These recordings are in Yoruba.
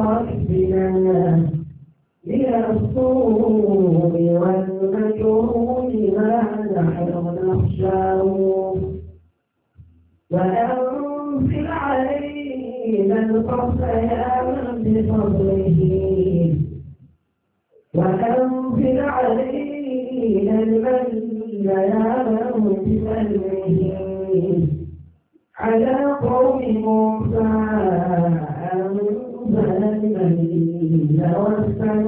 ربنا من السوء والمكروه ما نحن نخشاه وأنزل علينا القصد بفضله وأنزل علينا المن يا من بسلمه على قوم موسى Now understand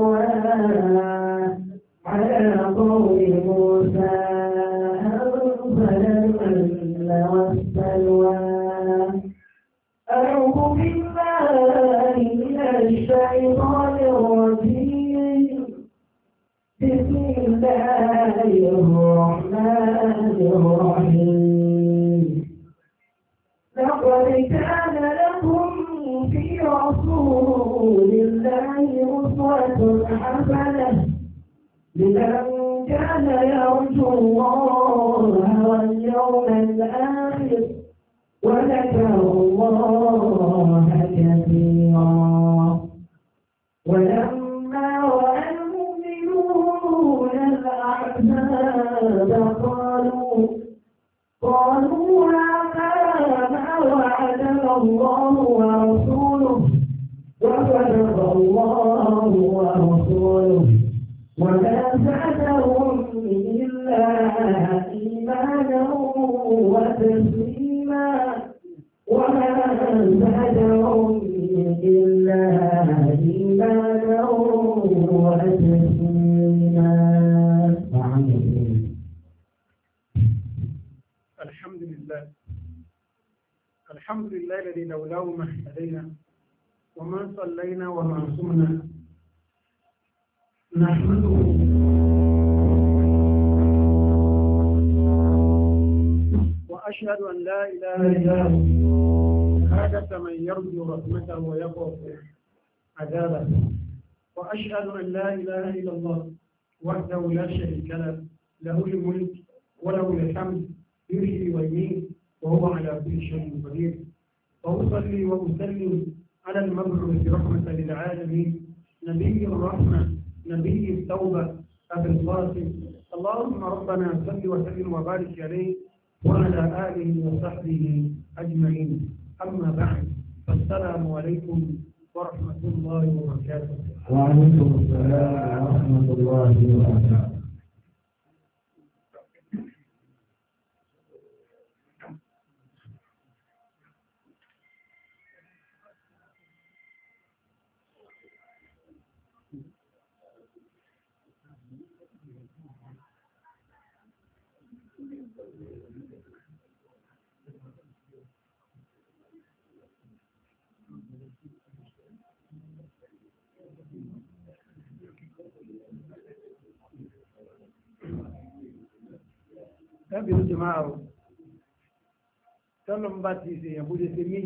الحمد لله الحمد لله الذي لولاه ما اهتدينا وما صلينا وما صمنا نحمده وأشهد أن لا إله إلا هو هذا من يرجو رحمته ويخاف عذابه وأشهد أن لا إله إلا الله وحده لا شريك له له الملك وله الحمد يحيي ويميت وهو على كل شيء قدير وأصلي وأسلم على المبعوث رحمة للعالمين نبي الرحمة نبي التوبة أبي القاسم اللهم ربنا صل وسلم وبارك عليه وعلى آله وصحبه أجمعين أما بعد فالسلام عليكم ورحمة الله وبركاته وعليكم السلام ورحمة الله وبركاته ẹbí ló ti máa rò tọ́lọ́ bá ti ṣèyàn bó ṣe ṣe mí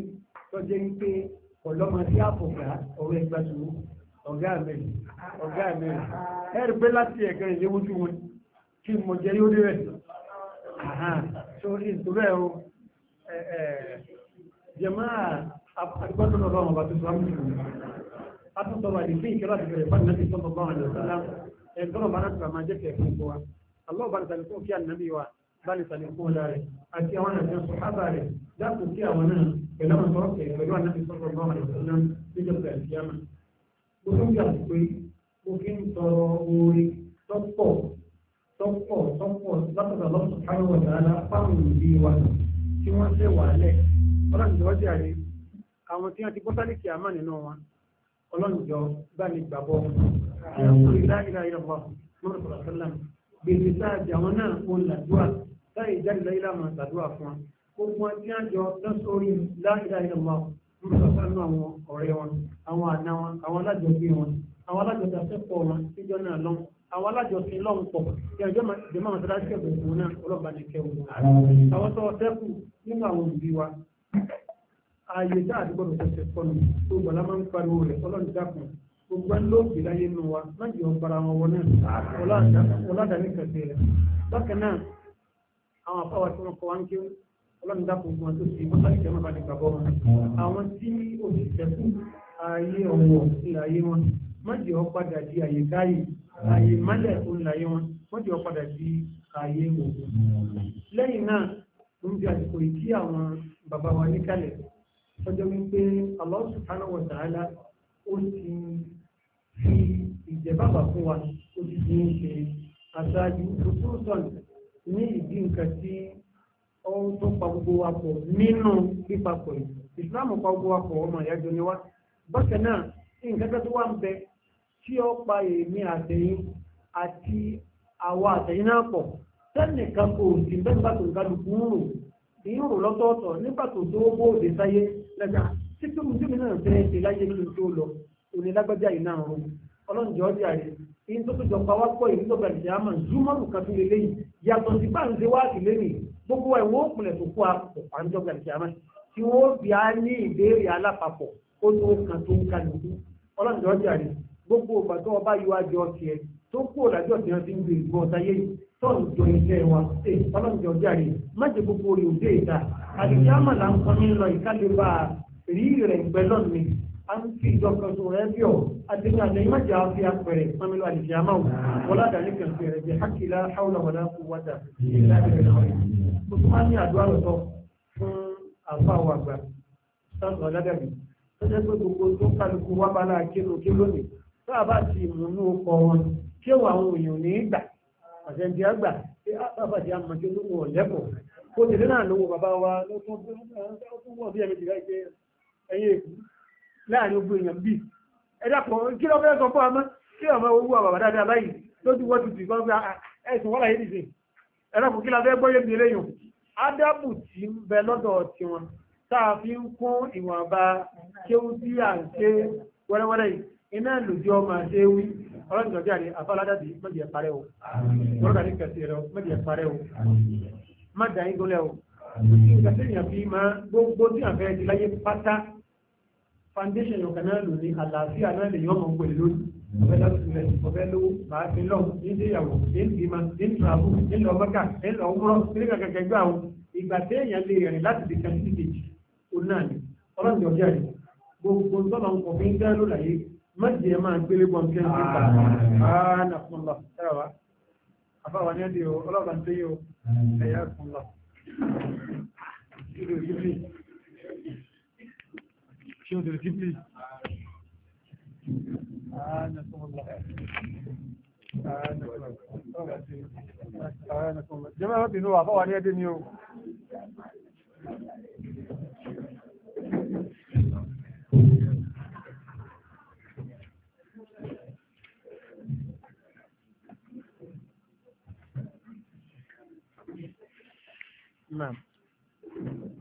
tọ́jẹ́ ń pé ọlọ́mọ sí àpògá ọ̀rọ̀ ẹgbà tó ọ̀gá mẹ́rin ọ̀gá mẹ́rin ẹ̀rù pé láti ẹ̀kan ìléwójú wọn kí mo jẹ́ yóò rẹ̀ tó ìtúrẹ́ o jẹ̀mọ́ àgbọ́tọ̀ lọ́wọ́ ọba tó sọ àmì àtúntọ̀wà lè fi ìkẹ́lá ti bẹ̀rẹ̀ fún àti sọ́tọ̀ bá wọn lọ́sọ́lá ẹ̀ńtọ́rọ̀ bá náà tó máa jẹ́ kẹ̀kẹ́ fún wa Allah bá ń tàbí fún kí ànábì wa báyìí sàlékún ọ̀la rẹ̀ àti àwọn àjọ sọ̀hábà rẹ̀ dákun sí àwọn náà pẹ̀lú àwọn tọ́rọ̀ kẹ̀kẹ́ pẹ̀lú àná ìsọ̀rọ̀ bá wọn lọ náà níjọ́ pẹ̀lú àfihàn. mo tún bí àti pé mo fi ń tọrọ orin tọ́pọ̀ tọ́pọ̀ tọ́pọ̀ látọ̀dọ̀ lọ́sùn káyọ̀ wọ̀ dáadáa fáwọn òbí wa tí wọ́n ṣe wà lẹ̀ ọlọ́njọ́ ọjà rẹ̀ àwọn tí wọ́n ti bọ́sálì kìámà nínú wọn ọlọ́njọ́ bá ní gbàgbọ́ ìlà ìlà ìlà wà lọ́rọ̀ sọ̀rọ̀ sọ́lá gbèsè sáà jà wọn náà ó ń làdúrà lẹ́yìn ìjáde lẹ́yìn láàmà àtàdúrà fún wa gbogbo wọn tí a jọ lọ́sọ̀rí láìlá ìlọ́wọ́ olùsọ̀sánú àwọn ọ̀rẹ́ wọn àwọn àna wọn àwọn alájọgbé wọn àwọn alájọdàsẹ́pọ̀ wọn níjọ náà lọ́n àwọn alájọsìn lọ́n pọ̀ tí a jọ jẹ́mọ́ àwọn tẹ́lá ṣẹ̀bù òun náà ọlọ́ba ní kẹwù àwọn tó dẹ́kù nínú àwọn òbí wa ààyè dá àdúgbò rẹ̀ gbogbo ẹni ló gbé láyé nù wa má jẹ́ wọn wọ náà ọlọ́dàní kẹsẹ̀ rẹ̀ bákan náà àwọn afáwà tí wọ́n kọ́ wá ń kí ọlọ́mìdàpọ̀ ogun àti òsì mọ́sálì jẹ́ mọ́bàdì gbàgbọ́ wọn àwọn tí òṣìṣẹ́ fún ayé ọ̀wọ̀ ńláyé wọn mọ́jì ọ padà di àyè káyè àyè mọ́lẹ̀ ńláyé wọn mọ́jì ọ padà di wípé Allah subhanahu wa ta'ala ó ti fi ìjẹ́bàbà fún wa ó ti fi ń ṣe aṣáájú òṣùrùsọ̀nù ní ìdí nǹkan tí ohun tó pa gbogbo wa pọ̀ nínú pípapọ̀ yìí ìsìláàmù pa gbogbo wa pọ̀ ọmọ ìyájọ ni wá bákan náà nǹkan tó wà ń bẹ tí ó pa èmi àtẹ̀yìn àti àwa àtẹ̀yìn náà pọ̀ tẹ́nìkan kò sí bẹ́ẹ̀ bá tó ń kálukú ń rò ìyún rò lọ́tọ̀ọ̀tọ̀ nígbà tó tó bóòdè sáyé lẹ́gbà tí tó ń dúmí náà fẹ́ẹ́ ṣe láyé nínú tó lọ òní lágbájá yìí náà rò ọlọ́njọ́ ọjà rẹ̀ ìyún tó tó jọ pa wá pọ̀ ìyún tó bẹ̀rẹ̀ sí àmà zúmọ́rù kan tó lélẹ́yìn yàtọ̀ sí pàǹsẹ̀ wá sí lẹ́nu gbogbo wa ìwọ́n òpinlẹ̀ tó kó àpòpá ń jọba ìjàmá tí wọ́n bí a ní ìbéèrè alápapọ̀ ó ní ó kan tó ń ka nìkú ọlọ́dún ọjà rẹ̀ gbogbo ọgbà tó ọba yóò àjọ tiẹ̀ tó kú ọ̀làjọ́ tí wọ́n ti ń gbé ìgbọ́ ọ̀tá yé tọ́ọ̀nù jọ iṣẹ́ wa ṣe ọlọ́dún ọjà rẹ̀ má jẹ́ gbogbo rẹ̀ òde ìta àdìsámà là ń kọ́ ní lọ ìkálẹ̀ bá rí rẹ̀ pẹ́lọ́ọ̀nù an fi dọ̀kan tó rẹ̀ bí ọ̀ àti ní àlẹ́ ìmọ̀ jà fi apẹ̀rẹ̀ pamílò àlìfíàmáwò wọ́n ládàá ní kan fi rẹ̀ jẹ́ hákìlá haúlà wọ̀lá kú wádà ìlà ìrìn àwọn mo tún máa ní àdúrà lọ́tọ̀ fún àfáwọ̀ àgbà sáàtọ̀ ládàbí tó jẹ́ pé gbogbo tó kálukú wá bá láà kí ló kí tó a bá ti mú inú ọkọ̀ wọn kí àwọn èèyàn ní gbà àtẹ̀ǹdì àgbà tí àbàdì àmọ̀jẹ́ ló wọ̀ lẹ́kọ̀ọ́ kó tẹ̀lé náà lówó bàbá wa ló tún wọ̀ bí ẹ̀mí láàrin ogun èèyàn bíi ẹ̀dàpọ̀ kí ló fẹ́ sọ fún ọmọ kí ọmọ owó àbàbà dáadáa báyìí lójú wọ́n tuntun kan gba ẹ̀sùn wọ́n láyé nìsín ẹ̀dàpọ̀ kí la fẹ́ gbọ́yé mi léyìn ádámù tí ń bẹ lọ́dọ̀ tiwọn tá a fi ń kún ìwọ̀nba kéwú tí à wẹ́rẹ́wẹ́rẹ́ yìí iná lòdì ọmọ ṣe wí ọlọ́run ìgbà foundation ọ̀kan náà lò ní àlàáfíà náà lè yọ́mọ̀ pè lónìí ọ̀fẹ́lá sílẹ̀ ọ̀fẹ́ lówó máa fi lọ́wọ́ nídéyàwó nígbìmọ̀ nítraàbù nílò ọmọkà nílò ọmọrọ̀ nílò kẹ̀kẹ́ gbà wọn ìgbà téèyàn lè rìn láti di kan síbi ó náà ni ọlọ́run jọ jẹ́ àyè gbogbo tọ́lọ̀ ń kọ̀fin dá ló láyé má jẹ́ ẹ máa gbélé bọ́m kí wọ́n ti gbà á nà fún lọ sára wa àfáwa ní ṣe òdìrí kíplì jẹ́mọ́ ẹ̀rọ bìnú wà fọ́wà ní ẹdí ni o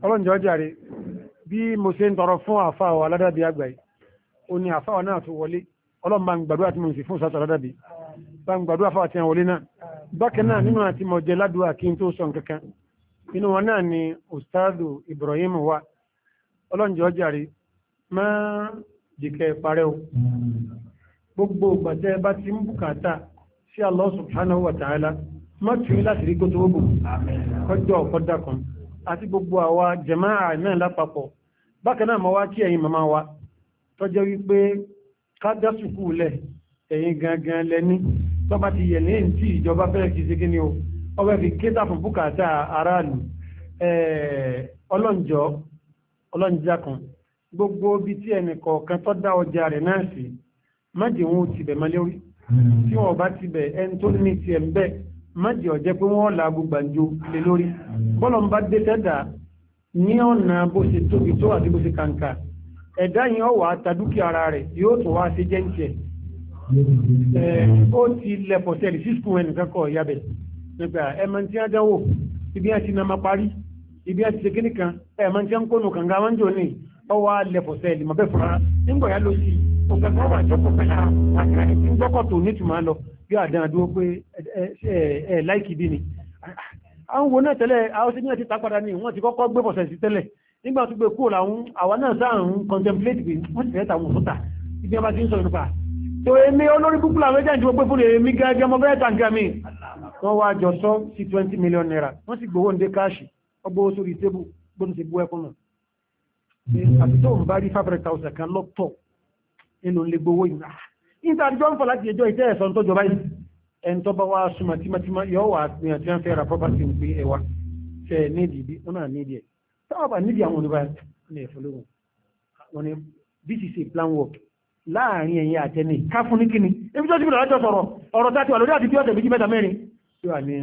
Ọlọ́njọ́ jàre bí mo ṣe ń tọrọ fún àfáà wa aládàbí àgbáyé ó ní àfáà náà tó wọlé ọlọ́run bá ń gbàdúrà tí mo sì fún sátọ̀ aládàbí bá gbàdúrà fáwọn àti àwọlé náà bákan náà nínú àti mo ládùúgbà kí n tó sọ nǹkankan inú wọn náà ni ustaadu Ibrahim wa ọlọ́njẹ́ ọjàre má jìkẹ́ parẹ́ o gbogbo gbàtẹ́ bá ti ń bùkátà sí Allah subhanahu wa ta'ala má tún láti rí kótó gbogbo kọjọ́ ọ̀kọ́dà kan àti gbogbo àwa jẹ̀máà náà lápapọ̀ bákan náà ma wá kí ẹ̀yin màmá wa tó jẹ́ wípé ká dá sùkúù lẹ̀ ẹ̀yin gangan lẹ́ni tó bá ti yẹ̀ ní èyí tí ìjọba fẹ́ kì í ṣe kíni o ọbẹ̀ fi kéta fún bùkátà aráàlú ọlọ́njọ́ ọlọ́njá kan gbogbo bí tí ẹnì kọ̀ọ̀kan tó dá ọjà rẹ̀ náà sí májè wọn ò tibẹ̀ mọ́ lórí tí wọn bá tibẹ̀ ẹni tó ní tiẹ̀ ń bẹ̀ májè ọ̀jẹ́ pé wọ́n làágùn gbàǹjo lé lórí bọ́lọ̀ ń bá dé tẹ́dà ní ọ̀nà bó ṣe tóbi tó àti bó ṣe kàǹkà ẹ̀dá yìí ó ta ara rẹ̀ yóò tó wá ṣe jẹ́ǹtì ẹ̀ ó ti lẹ̀pọ̀ tẹ̀lé sísùkú ẹnì kẹ́kọ̀ọ́ yabẹ̀ nígbà a dánwò ibi àti parí ibi àti ṣe kíní kan ẹ̀mọ tí a ń kónú kàǹkà wọn jò ní wá bẹ́ẹ̀ fura nígbà ló wà àwọn wo náà tẹ́lẹ̀ àwọn tí náà ti tapadà ní wọ́n ti kọ́kọ́ gbé pọ̀sẹ̀ sí tẹ́lẹ̀ nígbà tó gbé kúrò láwọn àwọn náà sáà ń contemplate pé wọ́n ti fẹ́ tàwọn òfúta ibi ọba ti ń sọ nípa tó èmi olórí púpù làwọn ẹjẹ́ ìdíwọ́ pé fún èmi gẹ́gẹ́ mọ́ bẹ́ẹ̀ tàǹkà mi wọ́n wá jọ sọ sí twenty million naira wọ́n sì gbowó ndé káàṣì ọgbọ́ sórí tébù gbọ́n ti bú ẹkún náà àti tó ń bá rí five hundred thousand kan lọ́pọ̀ nínú ilé gbowó yìí ah, níta àtijọ́ ń fọ láti ẹjọ́ ìtẹ́ ẹ̀sọ́ tó ẹni tó bá wá súnmọ́ tímátímá yóò wà àtìyàn tí wọ́n fẹ́ ra property ń pé ẹwà ṣe nídìí bí wọ́n náà nídìí ẹ̀ táwọn bá nídìí àwọn oníbàárà ní ẹ̀fọ́lógún wọn ni this is a plan work láàrin ẹ̀yìn àtẹ́ni ká fún ní kíni ebi tó ti bìrọ̀ lájọ sọ̀rọ̀ ọ̀rọ̀ tá ti wà lórí àti bí ọ̀sẹ̀ méjì mẹ́ta mẹ́rin tí wà ní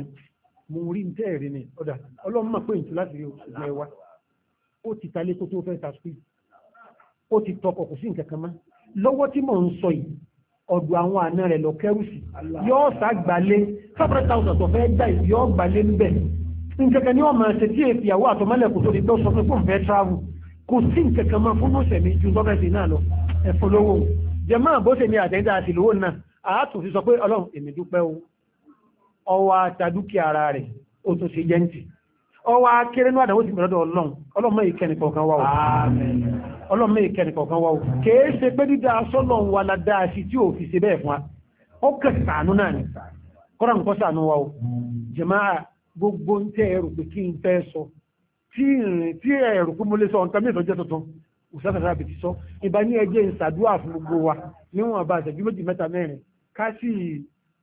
mo rí ní tẹ́ẹ̀rí ni ọ̀dà ọlọ́mọ pé ìtú láti rí ọ̀gbẹ́ wa ó ti talé kó tó fẹ́ ta sí ó ti tọkọ̀ kò sí nǹkan kan mọ́ lọ́wọ́ tí mò ń sọ yìí ọ̀dọ̀ àwọn àna rẹ̀ lọ kẹ́rùsì yóò ṣàgbálé five hundred thousand tó fẹ́ gbà yóò gbálé níbẹ̀ nkẹ̀kẹ́ ni wọ́n máa ṣe tí èpì àwọn àtọ̀mọ́lẹ̀ kò tó di pé ó sọ pé fóun fẹ́ travel kò sí nkẹ̀kẹ́ máa fún ọ̀sẹ̀ mi ju sọ́kẹ́sì náà lọ ẹ̀fọ́ lówó jẹ̀mọ́ àbóṣe mi àtẹ̀yìndà àti lówó náà àátùn fi sọ pé ọlọ́run èmi dúpẹ́ o ọwọ́ àtàdúkìá ara rẹ̀ ó tún ṣe yẹ́ǹtì ọwọ́ akéré náà àdáwò ti bẹ̀rẹ̀ ọlọ́run ọlọ́mọ ìkẹni kọ̀ọ̀kan wá o ọlọ́mọ ìkẹni kọ̀ọ̀kan o kèé ṣe pé dídá sọ́nà wà ládàá sí tí ò fi ṣe bẹ́ẹ̀ fún wa ó kẹsì sàánú náà ni kọ́ra nǹkan sàánú wa o jàmáà gbogbo ń tẹ́ ẹrù pé kí n fẹ́ sọ tí ẹrù pé mo lè sọ ìbá ní ẹjẹ́ ìṣàdúrà fún gbogbo wa níwọ̀n àbá àṣẹjú méjì mẹ́ta mẹ́rin ká sì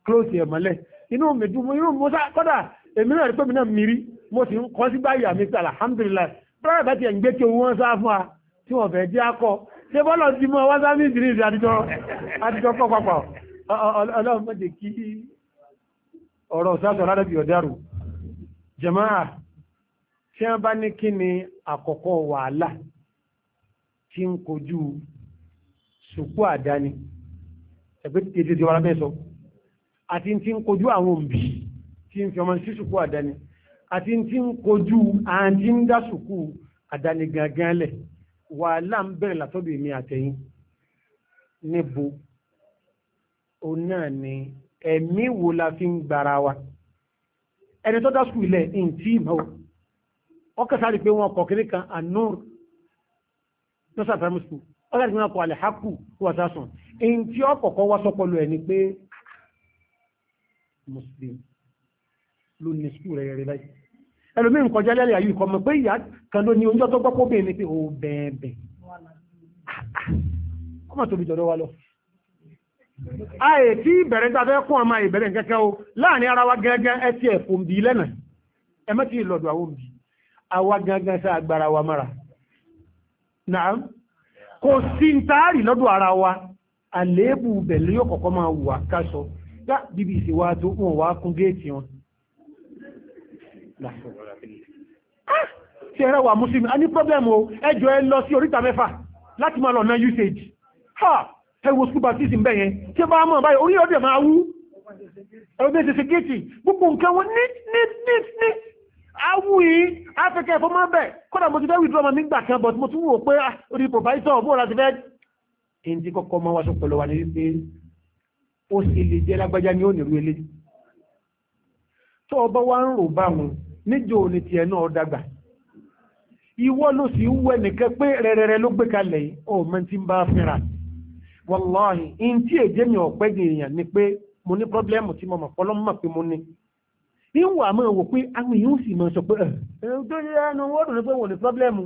close ẹ̀ mọ́lẹ̀ inú mi dùn inú mi kọ́dà èmi náà rí pé mo sì ń kọ́ sí báyà mi pé alhamdulilayi brọ́dà bá ti ẹ̀ ń gbé kí wọ́n sá fún wa tí wọ́n fẹ́ jẹ́ akọ ṣé bọ́lọ̀ ti mọ́ wá sá ní ìdílé àtijọ́ kọ́ papọ̀ ọlọ́run mọ́ jẹ́ kí ọ̀rọ̀ sáàtọ̀ ládàbí ọ̀dárù jàmáà tí wọ́n bá ní kí ni àkọ́kọ́ wàhálà tí ń kojú sùkú àdáni ẹgbẹ́ tí tètè ti wọ́n lábẹ́ sọ àti tí ń kojú àwọn fi ọmọ sí sùkú àdáni àti tí ń kojú àti ń dásùkú àdániganganlẹ̀ wàhálà ń bẹ̀rẹ̀ látọ́dọ̀ èmi àtẹ̀yìn níbo o náà ni ẹ̀mí wo la fi ń gbara wa ẹni tó dásùkú ilẹ̀ ìntì ìmọ̀ ọkàsáàrí pé wọn kọ̀ kiri kan anur nọ́sà primary school ọkàsáàrí pé wọn kọ̀ alẹ́hàkù kó wà sásùn èyí tí wá sọ́pọ̀lọ ẹ̀ ni pé ah, muslim ló ní sùúrù rẹ̀ rẹ̀ báyìí ẹlòmíì ń kọjá lẹ́lẹ̀ àyù ìkọmọ pé ìyá kan ló ní oúnjẹ tó gbọ́ póbìnrin ni pé ó bẹ̀ẹ̀bẹ̀ ọmọ tóbi jọ̀dọ̀ wa lọ. àyè tí ìbẹ̀rẹ̀ tá a ọmọ ìbẹ̀rẹ̀ kẹ́kẹ́ o láàrin ara wa gẹ́gẹ́ ẹ ti ẹ̀fọ́ ń bi lẹ́nà ẹ mẹ́tì ìlọ́dọ̀ àwọn òbí àwa gẹ́gẹ́ sá agbára wa mára. nàá kò sí ń taari lọ́dọ̀ ara wa àléébù bẹ̀lẹ́ yóò kọ̀kọ́ máa wà ká sọ bíbí ìsèwádó wọn wá kún géètì wọn tí ẹ̀rẹ́ wà muslim a ní pọ́blẹ́mù o ẹjọ́ ẹ lọ sí oríta mẹ́fà láti máa lọ ná usage ha ẹwọ school baptism bẹ́yẹn tí ẹ bá mọ̀ báyìí orí ọdẹ máa wú ẹgbẹ́ ṣe ṣe géètì gbogbo nǹkan wọn ní ní ní ní awú yìí afẹ́kẹ́ ẹ̀fọ́ máa bẹ̀ kọ́dà mo ti fẹ́ withdraw ma nígbà kan but mo tún wò pé ah, orí provisor bó láti fẹ́ èyí tí kọ́kọ́ máa wá sọ pẹ̀lú wa ní wípé ó sì lè jẹ́ lágbájá ní òní rú ilé tó ọba wa ń rò báwọn níjọ́ òní tiẹ̀ náà dàgbà ìwọ ló sì ń wẹ nìkan pé rẹ̀rẹ̀rẹ̀ ló gbé kalẹ̀ yìí ó mẹ́ ti ń bá fínra wàláhì in tí èjé mi ọ̀pẹ́ di èèyàn ni pé mo ní pọ́blẹ́mù tí mo mọ̀ pọ́lọ́ mọ̀ pé mo ní ìwọ àmọ́ wò pé àwọn èèyàn sì mọ̀ sọ pé ẹ̀ tó yẹ ẹnu wọ́n dùn ní pé wọ́n ní pọ́blẹ́mù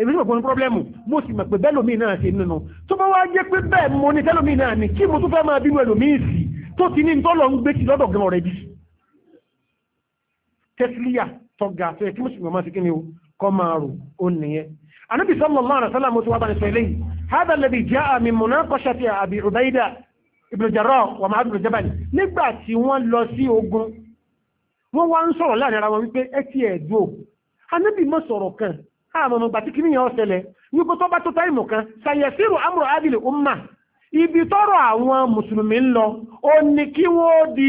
èmi ní pọ́blẹ́mù mo sì mọ̀ pé bẹ́ẹ̀ lómi náà ṣe nínú tọ́gà tó yẹ kí mùsùlùmí ọmọ sí kí ni o kọ́ máa rò ó nìyẹn anábì sallallahu alaihi wasallam tó wá bá ní sọ eléyìí hádà lẹ́bi já àmì munaqashati àbí Ubayda ibn Jarrah wà máa dùn jabal nígbà tí wọ́n lọ sí ogun wọ́n wá ń sọ̀rọ̀ láàrin ara wọn wípé ẹ ti ẹ̀ dùn ó anábì mọ̀ sọ̀rọ̀ kan àmọ́ mọ̀ gbàtí kìnìyàn ọ̀sẹ̀lẹ̀ wípé tó bá tó táìmù kan sàyẹ̀sírù amru adìlẹ̀ umma ibi tọ́rọ̀ àwọn mùsùlùmí ń lọ ó ní kí wọ́n di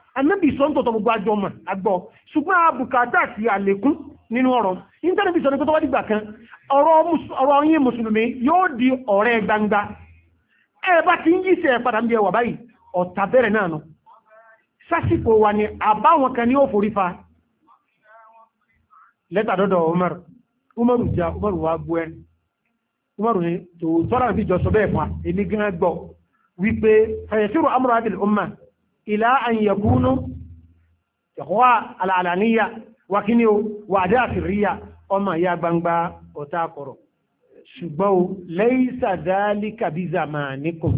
anábì sọ́ńtò tó gbogbo àjọ mọ̀ àgbọ̀ ṣùgbọ́n àbùkátà àti àlékún nínú ọ̀rọ̀ íńtánẹ́ẹ̀tì sọ ní dìgbà kan ọ̀rọ̀ yín mùsùlùmí yóò di ọ̀rẹ́ gbangba ẹ bá ti ń yí sí ẹ padà ń bí ẹwà báyìí ọ̀tà bẹ̀rẹ̀ náà nù sásìkò wa ni àbáwọn kan Umar Umar ja Umar wa bú ẹ Umar ni tòótọ́ra fi jọ sọ bẹ́ẹ̀ fa èmi gan umma ìlà àyẹ̀kúnú ẹ̀kọ́ àlàníyà wà kí ni o wà dá àfìríyà ọmọ ìyá gbangba ọ̀tá akọ̀rọ̀ ṣùgbọ́n o lẹ́yìn sàdálì kàbíza máa níkùn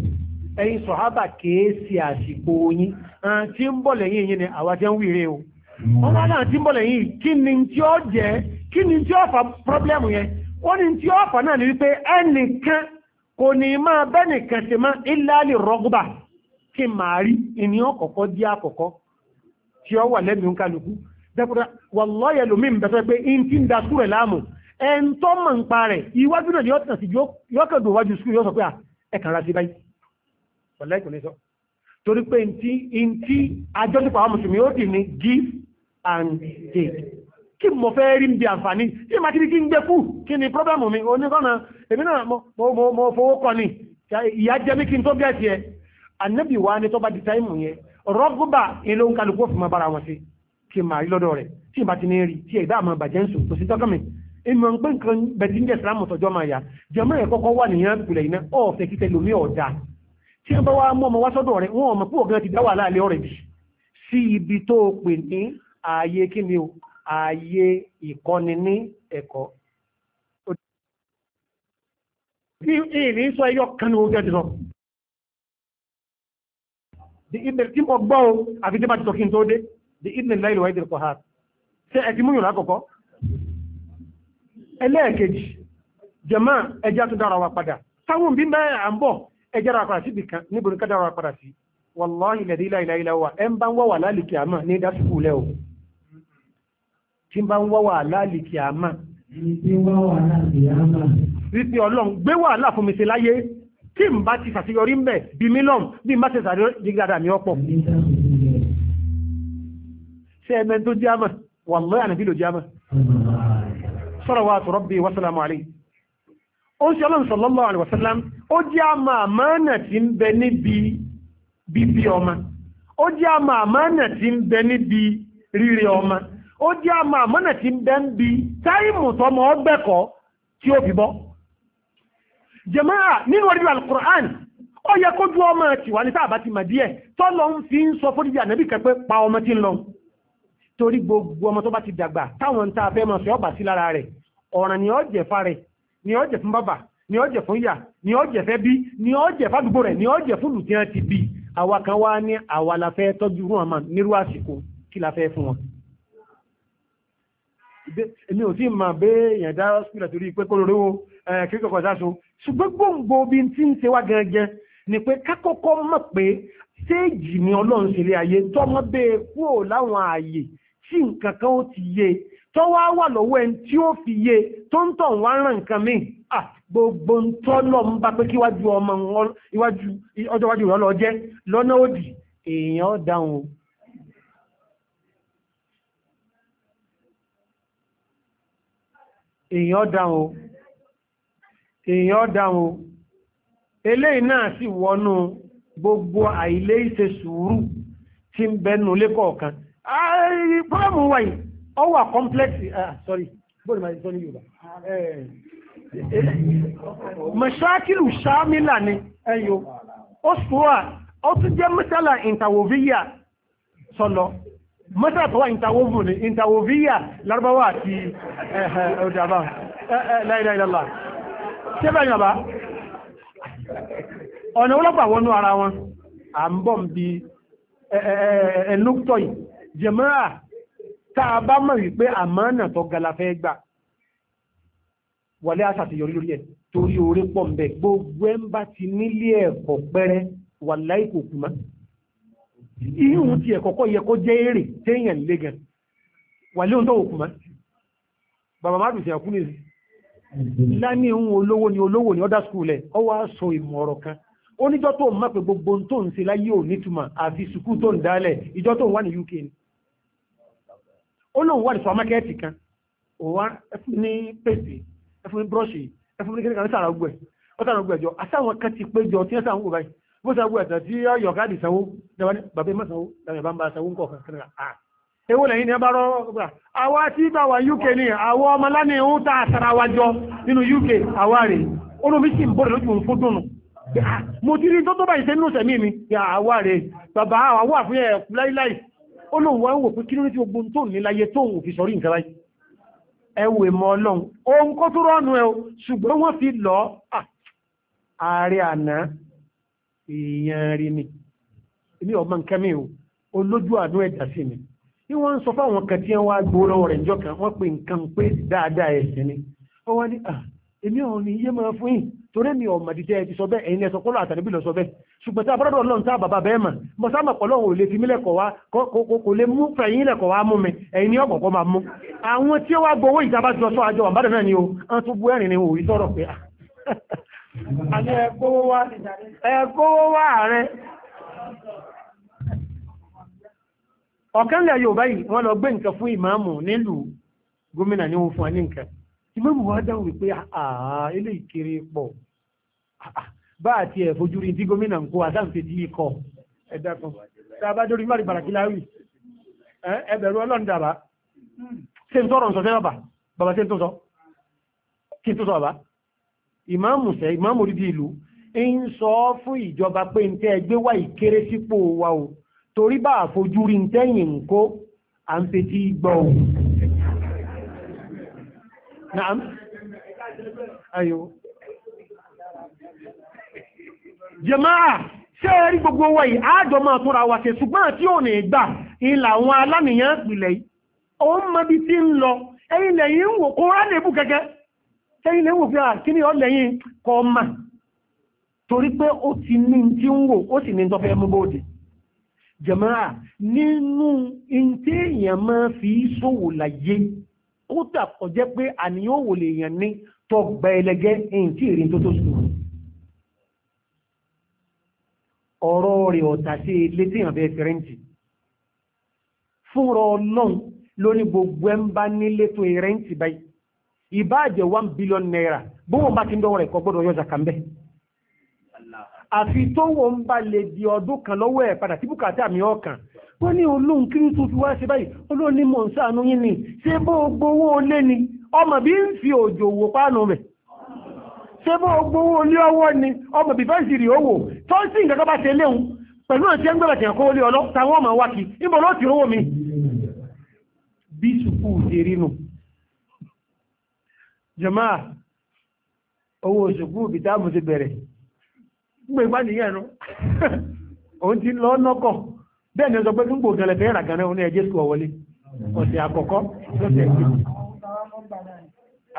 ẹ̀yin sọ̀hábà kèésì àsìkò yín tí ń bọ̀ lẹ́yìn yín ni àwa jẹ́ ń wíire o wọ́n wá náà tí ń bọ̀ lẹ́yìn kí ni tí ó jẹ́ kí ni tí ó fa pọ́blẹ́mù yẹn wọ́n ní tí ó fa náà ni wípé ẹnìkan kò ní máa bẹ́nìkan ṣe mọ́ ìlàlì rọ́gbà kí màá rí ìní ọ̀kọ̀kọ́ jẹ́ àkọ́kọ́ tí ó wà lẹ́mìí ń kálukú dẹ́kúrẹ́ wallahi lómi ń bẹ̀fẹ́ pé in ti ń da sùúrẹ̀ láàmù ẹn tó mọ̀ ń pa rẹ̀ iwájú náà yóò tàn sí yóò kẹ́dùn iwájú sùúrẹ̀ yóò sọ pé à ẹ kàn ra sí báyìí wallahi sọ give and take kí mo fẹ́ rí bí àǹfààní tí màá ti di kí n gbé kú kí mo fowó kọ ni ìyá jẹ́ mi annabi wa ni tó bá di táìmù yẹn rọ́gbà ilé ń kálukú fún bára wọn sí kí n máa rí lọ́dọ̀ rẹ̀ tí ìbá ti ní rí tí ìbá àmọ́ bàjẹ́ ń sùn kò sí tọ́kàn mi ìmọ̀ ń pé nǹkan bẹ̀tí ń jẹ́ ìsìlámù tọjọ́ máa yá jẹ́mọ́ ẹ̀ kọ́kọ́ wà nìyẹn ìpìlẹ̀ iná ọ̀fẹ́ kíkẹ́ lómi ọ̀dà tí wọ́n bá wá mú ọmọ wá sọ́dọ̀ rẹ̀ wọ́n mọ̀ pé ọ̀gá ti dá wà láàlẹ́ ọ̀rẹ́ bì sí ibi tó pè ní ààyè kí ni o ààyè ìkọ́ni ní ẹ̀kọ́ ní ìrìn sọ ẹyọ kan ní oúnjẹ ti sọ di ibẹ̀ tí mo gbọ́ o àfi tí bá ti tọ́kí tó dé di ibẹ̀ láìlú wáyé dìrìkọ̀ ha ṣe ẹ ti mú yòrò àkọ́kọ́ ẹlẹ́ẹ̀kejì jẹ̀mọ́ ẹja tó dára wa padà táwọn bí mẹ́ à ń bọ̀ ẹja dára padà sí ibì kan níbo ní ká dára padà sí wallahi lẹ́dí láìlá ilá wa ẹ ń bá ń wọ́wà lálìkì àmà ní dásìkò lẹ́ o tí ń bá ń wọ́wà lálìkì àmà wípé ọlọ́run gbé wàhálà fún mi ṣe láyé tí n bá ti ṣàṣeyọrí mbẹ bí mílọ̀mù bí n bá ti ṣàṣeyọrí dáadáa ní ọ̀pọ̀. ṣé ẹ̀mẹ́ tó jẹ́ àmà wallahi wa salamu alayhi. ó ń ṣe ọlọ́run sallallahu alaihi wasallam ó jẹ́ àmà àmánà tí ń bẹ níbi bíbí ọma. ó jẹ́ àmà àmánà tí ń bẹ níbi rírẹ ọmọ ó jẹ́ àmà ń bẹ níbi táìmù tọmọ tí ó fi jẹmáà nínú orí alukur'an ó yẹ kó ju ọmọ tiwa ní sáàbá ti mà díẹ̀ tọ́lọ ń fi ń sọ fódìdí ànábì kan pé pa ọmọ tí ń lọ torí gbogbo ọmọ tó bá ti dàgbà táwọn tá a fẹ́ mọ̀ sí ọgbà sí lára rẹ̀ ọ̀ràn ni ó jẹ́ fa rẹ̀ ni ó jẹ́ fún bàbá ni ó jẹ́ fún ìyá ni ó jẹ́ fẹ́ bí ni ó jẹ́ fádùgbò rẹ̀ ni ó jẹ́ fún lùtí ti bí àwa kan wá ní àwa la fẹ́ tọ́jú rún àmà nírú àsìkò kí la fẹ́ fún wọn èmi ò sí mà bé èèyàn dá hospital torí pé kó lórí kíkọ̀kọ̀ sáṣo ṣùgbọ́n gbòǹgbò bí n ń ṣe wá gẹ́gẹ́ ni pé kákọ́kọ́ mọ̀ pé séèjì ni ọlọ́run ṣe lé ayé tọ́mọ bẹ́ẹ̀ kúrò láwọn ààyè tí nǹkan kan ó ti yé tó wá wà lọ́wọ́ ẹni tí ó fi yé tó ń tọ̀ wá ràn nǹkan míì gbogbo ń tọ́ lọ ń bá pé kíwájú ọmọ ọjọ́ iwájú ìrọ̀lọ́ jẹ́ lọ́nà òdì èèyàn dáhùn èèyàn dáhùn èèyàn dáhùn eléyìí náà sì wọnú gbogbo àìlé ìṣe sùúrù tí ń bẹnu lẹ́kọ̀ọ̀kan pọ́lọ́mù wà yìí ó wà kọ́mplẹ́ksì sorry bóòlù máa sọ ní Yorùbá mọ̀ṣákìlù ṣámílà ni ẹyọ ó sùúrà ó tún jẹ́ mẹ́tàlá ìntàwòvíyà sọlọ mọ́sára tọwà ìntàwòvù ní ìntàwòvíyà lárúbáwà àti ẹ̀ẹ̀ẹ̀ ọjọ́ ṣé bẹ́ẹ̀ yàn bá ọ̀nà ọlọ́pàá wọnú ara wọn à ń bọ̀ bí ẹnúktọ̀ yìí jẹ̀mọ́ra tá a bá mọ̀ wípé àmọ́nà tó gala fẹ́ gbà wọlé àṣà ti yọrí lórí ẹ̀ torí orí pọ̀ mbẹ̀ gbogbo ẹ̀ ń ti nílé ẹ̀kọ́ pẹ́rẹ́ wà láì kò kùmá ihun ti ẹ̀kọ́kọ́ yẹ kó jẹ́ èrè téèyàn lé gan wà léhun tó kùmá bàbá má dùn sí ẹ̀kú nìyí láni ohun olówó ni olówó ni ọ́dá skúlẹ̀ ọ wá sọ ìmọ̀ ọ̀rọ̀ kan oníjọ́ tó mọ̀ pé gbogbo tó ń ṣe láyé ò nítumọ̀ àfi sùkú tó ń dálẹ̀ ìjọ́ tó wà ní UK ni ó lóun wà ní sọmákẹ́ẹ̀tì kan òwá ẹfún ní pèsè ẹfún ní brọ́ṣì ẹfún ní kékeré kan sára gbẹ ọ̀tàrà gbẹ jọ àtàwọn kan ti péjọ tí ewó lẹ́yìn ní ẹbá rọ́gbà àwa tí bá wà UK ní àwọ ọmọ lánàá ń ta àṣàrà wa jọ nínú UK àwa rè olómi sì ń bọ̀rẹ̀ lójú òun fún dùnù ah, mo ti rí tó tó báyìí sẹ́nu sẹ́mi mi ah, àwa rè bàbá àwa fún ẹ̀ láíláì olóhùn wa ń wò pé kí ló ní tí gbogbo tó ní láyé tó òun fi sọrí nǹkan báyìí ẹ wò Ọlọ́run ohun kó tó rọ́ọ̀nù ẹ o ṣùgbọ́n wọ́n fi lọ ah, ààrẹ àná èèyàn rí mi èmi ọmọ nǹkan mi o olójú àánú ẹ̀dá sí mi ní wọ́n ń sọ fáwọn kan tí wọ́n á gbowó lọ́wọ́ rẹ̀ níjọ́ kan wọ́n pe nǹkan pé dáadáa ẹ̀sìn ni wọ́n wá ní à èmi ò ní iye máa fún yìí torí mi ò màdìjẹ́ ẹ ti sọ bẹ́ẹ̀ ẹ̀yin ẹ̀sọ́ kọ́lọ́ àtàlẹ́bí lọ sọ bẹ́ẹ̀ ṣùgbọ́n tí abúrọ́dọ̀ ọlọ́run tá bàbá bẹ́ẹ̀ mà mo sá màpọ̀ lọ́wọ́ ò lè fi mílẹ̀ kọ̀ wá kò lè mú fẹ̀yìn lẹ̀ wá mú mi ẹ̀yin ni ọ̀gbọ̀gbọ̀ máa mú àwọn tí wàá gbowó ìjàmbá jọ sọ àjọ àbádọ̀ náà ni o wọ́n tún bu ẹ̀rìn ni òwì sọ̀rọ̀ pé ẹ̀kọ́ wá ààrẹ ọ̀kánlẹ̀ yorùbá yìí wọ́n lọ gbé nǹkan fún ìmáàmù nílùú gómìnà ní òun fún ẹni nǹkan ìmáàmù wa dáhùn wípé àà ilé ìkéré pọ̀ bá àti ẹ̀ fojú rí tí gómìnà ń kó àtàǹfẹ́ di ikọ̀ ẹ̀dá kan tá a bá dórí má rí bàràkí láwì ẹbẹ̀rù ọlọ́run dàbà ṣe ń tọrọ nsọ̀tẹ́ bàbà bàbà ṣe ń tó sọ kí n tó sọ bàbá ìmáàmù sẹ ìmáàmù orí di ìlú ń sọ fún ìjọba pé ń tẹ́ ẹgbẹ́ wà ìkéré sípò wa o. torí bá àfojú rí ń tẹ́yìn ń kó à ń fetí gbọ́ ohun ayo jẹmáà ṣe rí gbogbo wa yìí àjọ máa ṣe ṣùgbọ́n tí ò ní gbà ilà àwọn alámìyàn pìlẹ̀ ó ń bí tí ń lọ ẹ̀yìn lẹ́yìn wò kó rá lè bú kẹ́kẹ́ fi hàn kí ni ọ lẹ́yìn kọ́ torí pé ó ti ní tí ń wò ó sì ní jẹ̀mọ́ra nínú ìntẹ́ èèyàn máa fi ṣòwò láyé kó tàkọ̀ jẹ́ pé àníyàn òwò lè yàn ní tọgbà ẹlẹgẹ́ èyí tí èrè tó tó sùn ọ̀rọ̀ rẹ̀ ọ̀tà sí ilé tí ìyàn fẹ́rẹ́ǹtì fúnra ọlọ́run lórí gbogbo ẹ̀ ń bá nílé tó ìrẹ́ǹtì báyìí ìbáàjẹ́ one billion naira bóun bá ti ń dọ́wọ́ rẹ̀ kọ́ gbọ́dọ̀ yọ zàkà bẹ́ẹ̀ àfi tó wọ́n bá lè di ọdún kan lọ́wọ́ ẹ̀ padà tí bùkátà mi ọkàn wọ́n ní olóhun kí ní fi wá ṣe báyìí olóhun ní mò yín ni ṣé bó gbowó lé ni ọmọ bí ń fi owó tó ń sì ń ṣe léhun pẹ̀lú àti ẹgbẹ̀rẹ̀ tẹ̀yàn kó lé ọlọ́ táwọn ọmọ wá kí níbo ló ti rówó mi bí sùkú ṣe rí nu owó sùkú bìtá mo ti gbogbo ìgbà nìyẹn nu òun ti lọ nọ́kọ̀ bẹ́ẹ̀ ni ó sọ pé fún gbogbo ẹlẹ́fẹ́ yàrá gan ní ẹjẹ́ sùn ọ̀wọ́lé ọ̀sẹ̀ àkọ́kọ́ lọ́sẹ̀ kejì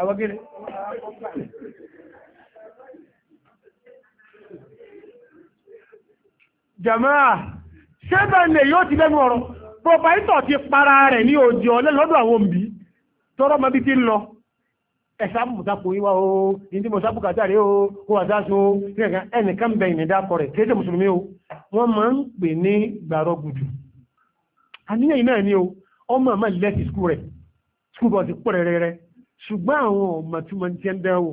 àwọ̀gẹ́rẹ́ jàmáà ṣẹ́bẹ̀ lè yóò ti lẹ́nu ọ̀rọ̀ propaitọ̀ ti para rẹ̀ ní òjò ọlẹ́ lọ́dọ̀ àwọn òmìbí tọ́rọ mọ́bí ti ń lọ ẹ̀sà mùsàkù yíwá o ìdí mùsàkù kàtàrí o kó àdáṣo ẹnìkan bẹ ìnìdákọ rẹ̀ kéèdè mùsùlùmí o wọ́n máa ń pè ní gbàrọ̀ gùdù àníyàn iná ni o ọmọ àmà lẹ́sì skú rẹ̀ skú bọ́ sí pẹ̀rẹ̀ rẹ̀ rẹ̀ ṣùgbọ́n àwọn ọmọ tí wọ́n ti ń bẹ́ o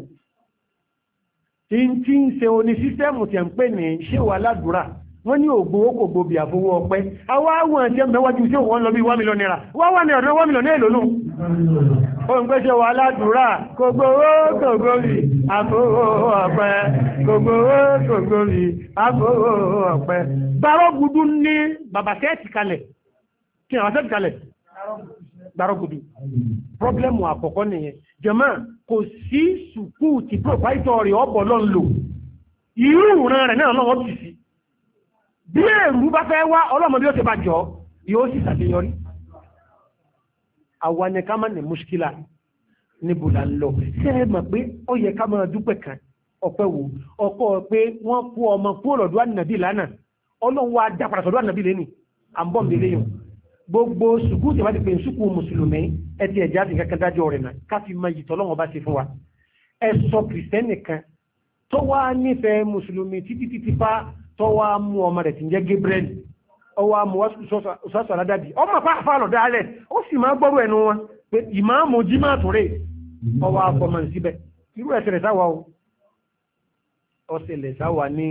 ti ń ṣe oní sísẹ́mù tí a ń pè ní ṣéwà ládùúrà wọ́n ní ògbówó kò gbòbì àfowó ọpẹ́ àwọn àwọn ẹ̀jẹ̀ mẹ́wàájú tí òun lọ bí wá mílíọ̀nù náírà wá wà ní ọ̀dọ́ wá mílíọ̀nù náírà lónìí òun pé ṣe wà aládùúrà kò gbowó kò gbòbì àfowó ọpẹ́ kò gbowó kò gbòbì àfowó ọpẹ́. gbàrọ́ gudu ní bàbá sẹ́ẹ̀tì kalẹ̀ kí àwọn sẹ́ẹ̀tì kalẹ̀ gbàrọ́ gudu pọ́blẹ́mù àkọ́kọ́ nìyẹn jẹ̀mọ́ kò sí sùkúù tí pòpáìtọ̀ rẹ̀ ọ̀bọ̀ lọ́n lò irú ìran rẹ̀ náà lọ́wọ́ bìí sí bí èrú bá fẹ́ wá ọlọ́mọ bí ó ti bá jọ yóò sì ṣàṣeyọrí àwa ni ká má ní muskila níbo là ń lọ ṣé ẹ mọ̀ pé ó yẹ ká máa dúpẹ́ kan ọpẹ́ wo ọkọ pé wọ́n kú ọmọ kú ọ̀lọ́dún ànàbí lánàá ọlọ́run wa dá padà sọ́dún ànàbí lẹ́nu à ń bọ̀ mí léyìn gbogbo sùkú tí wọ́n ti pè ń sùkú mùsùlùmí ẹ ti ẹ̀já sí kankan dájọ́ rẹ̀ náà ká fi máa yìtọ̀ ọlọ́run ọba ṣe fún wa ẹ sọ kìrìsìtẹ́nì kan tó wá nífẹ̀ẹ́ mùsùlùmí títí títí fa tó wá mú ọmọ rẹ̀ tí ń jẹ́ Gabriel ọwọ́ amú ọ̀sásọ̀ aládàbí ọmọ pàápàá lọ dálẹ̀ ó sì máa gbọ́rọ̀ ẹnu wọn pé ìmáàmù jí máa tó rè ọwọ́ afọmọ síbẹ̀ irú ẹsẹ̀ rẹ̀ sáwà o ọ̀sẹ̀lẹ̀ sáwà ní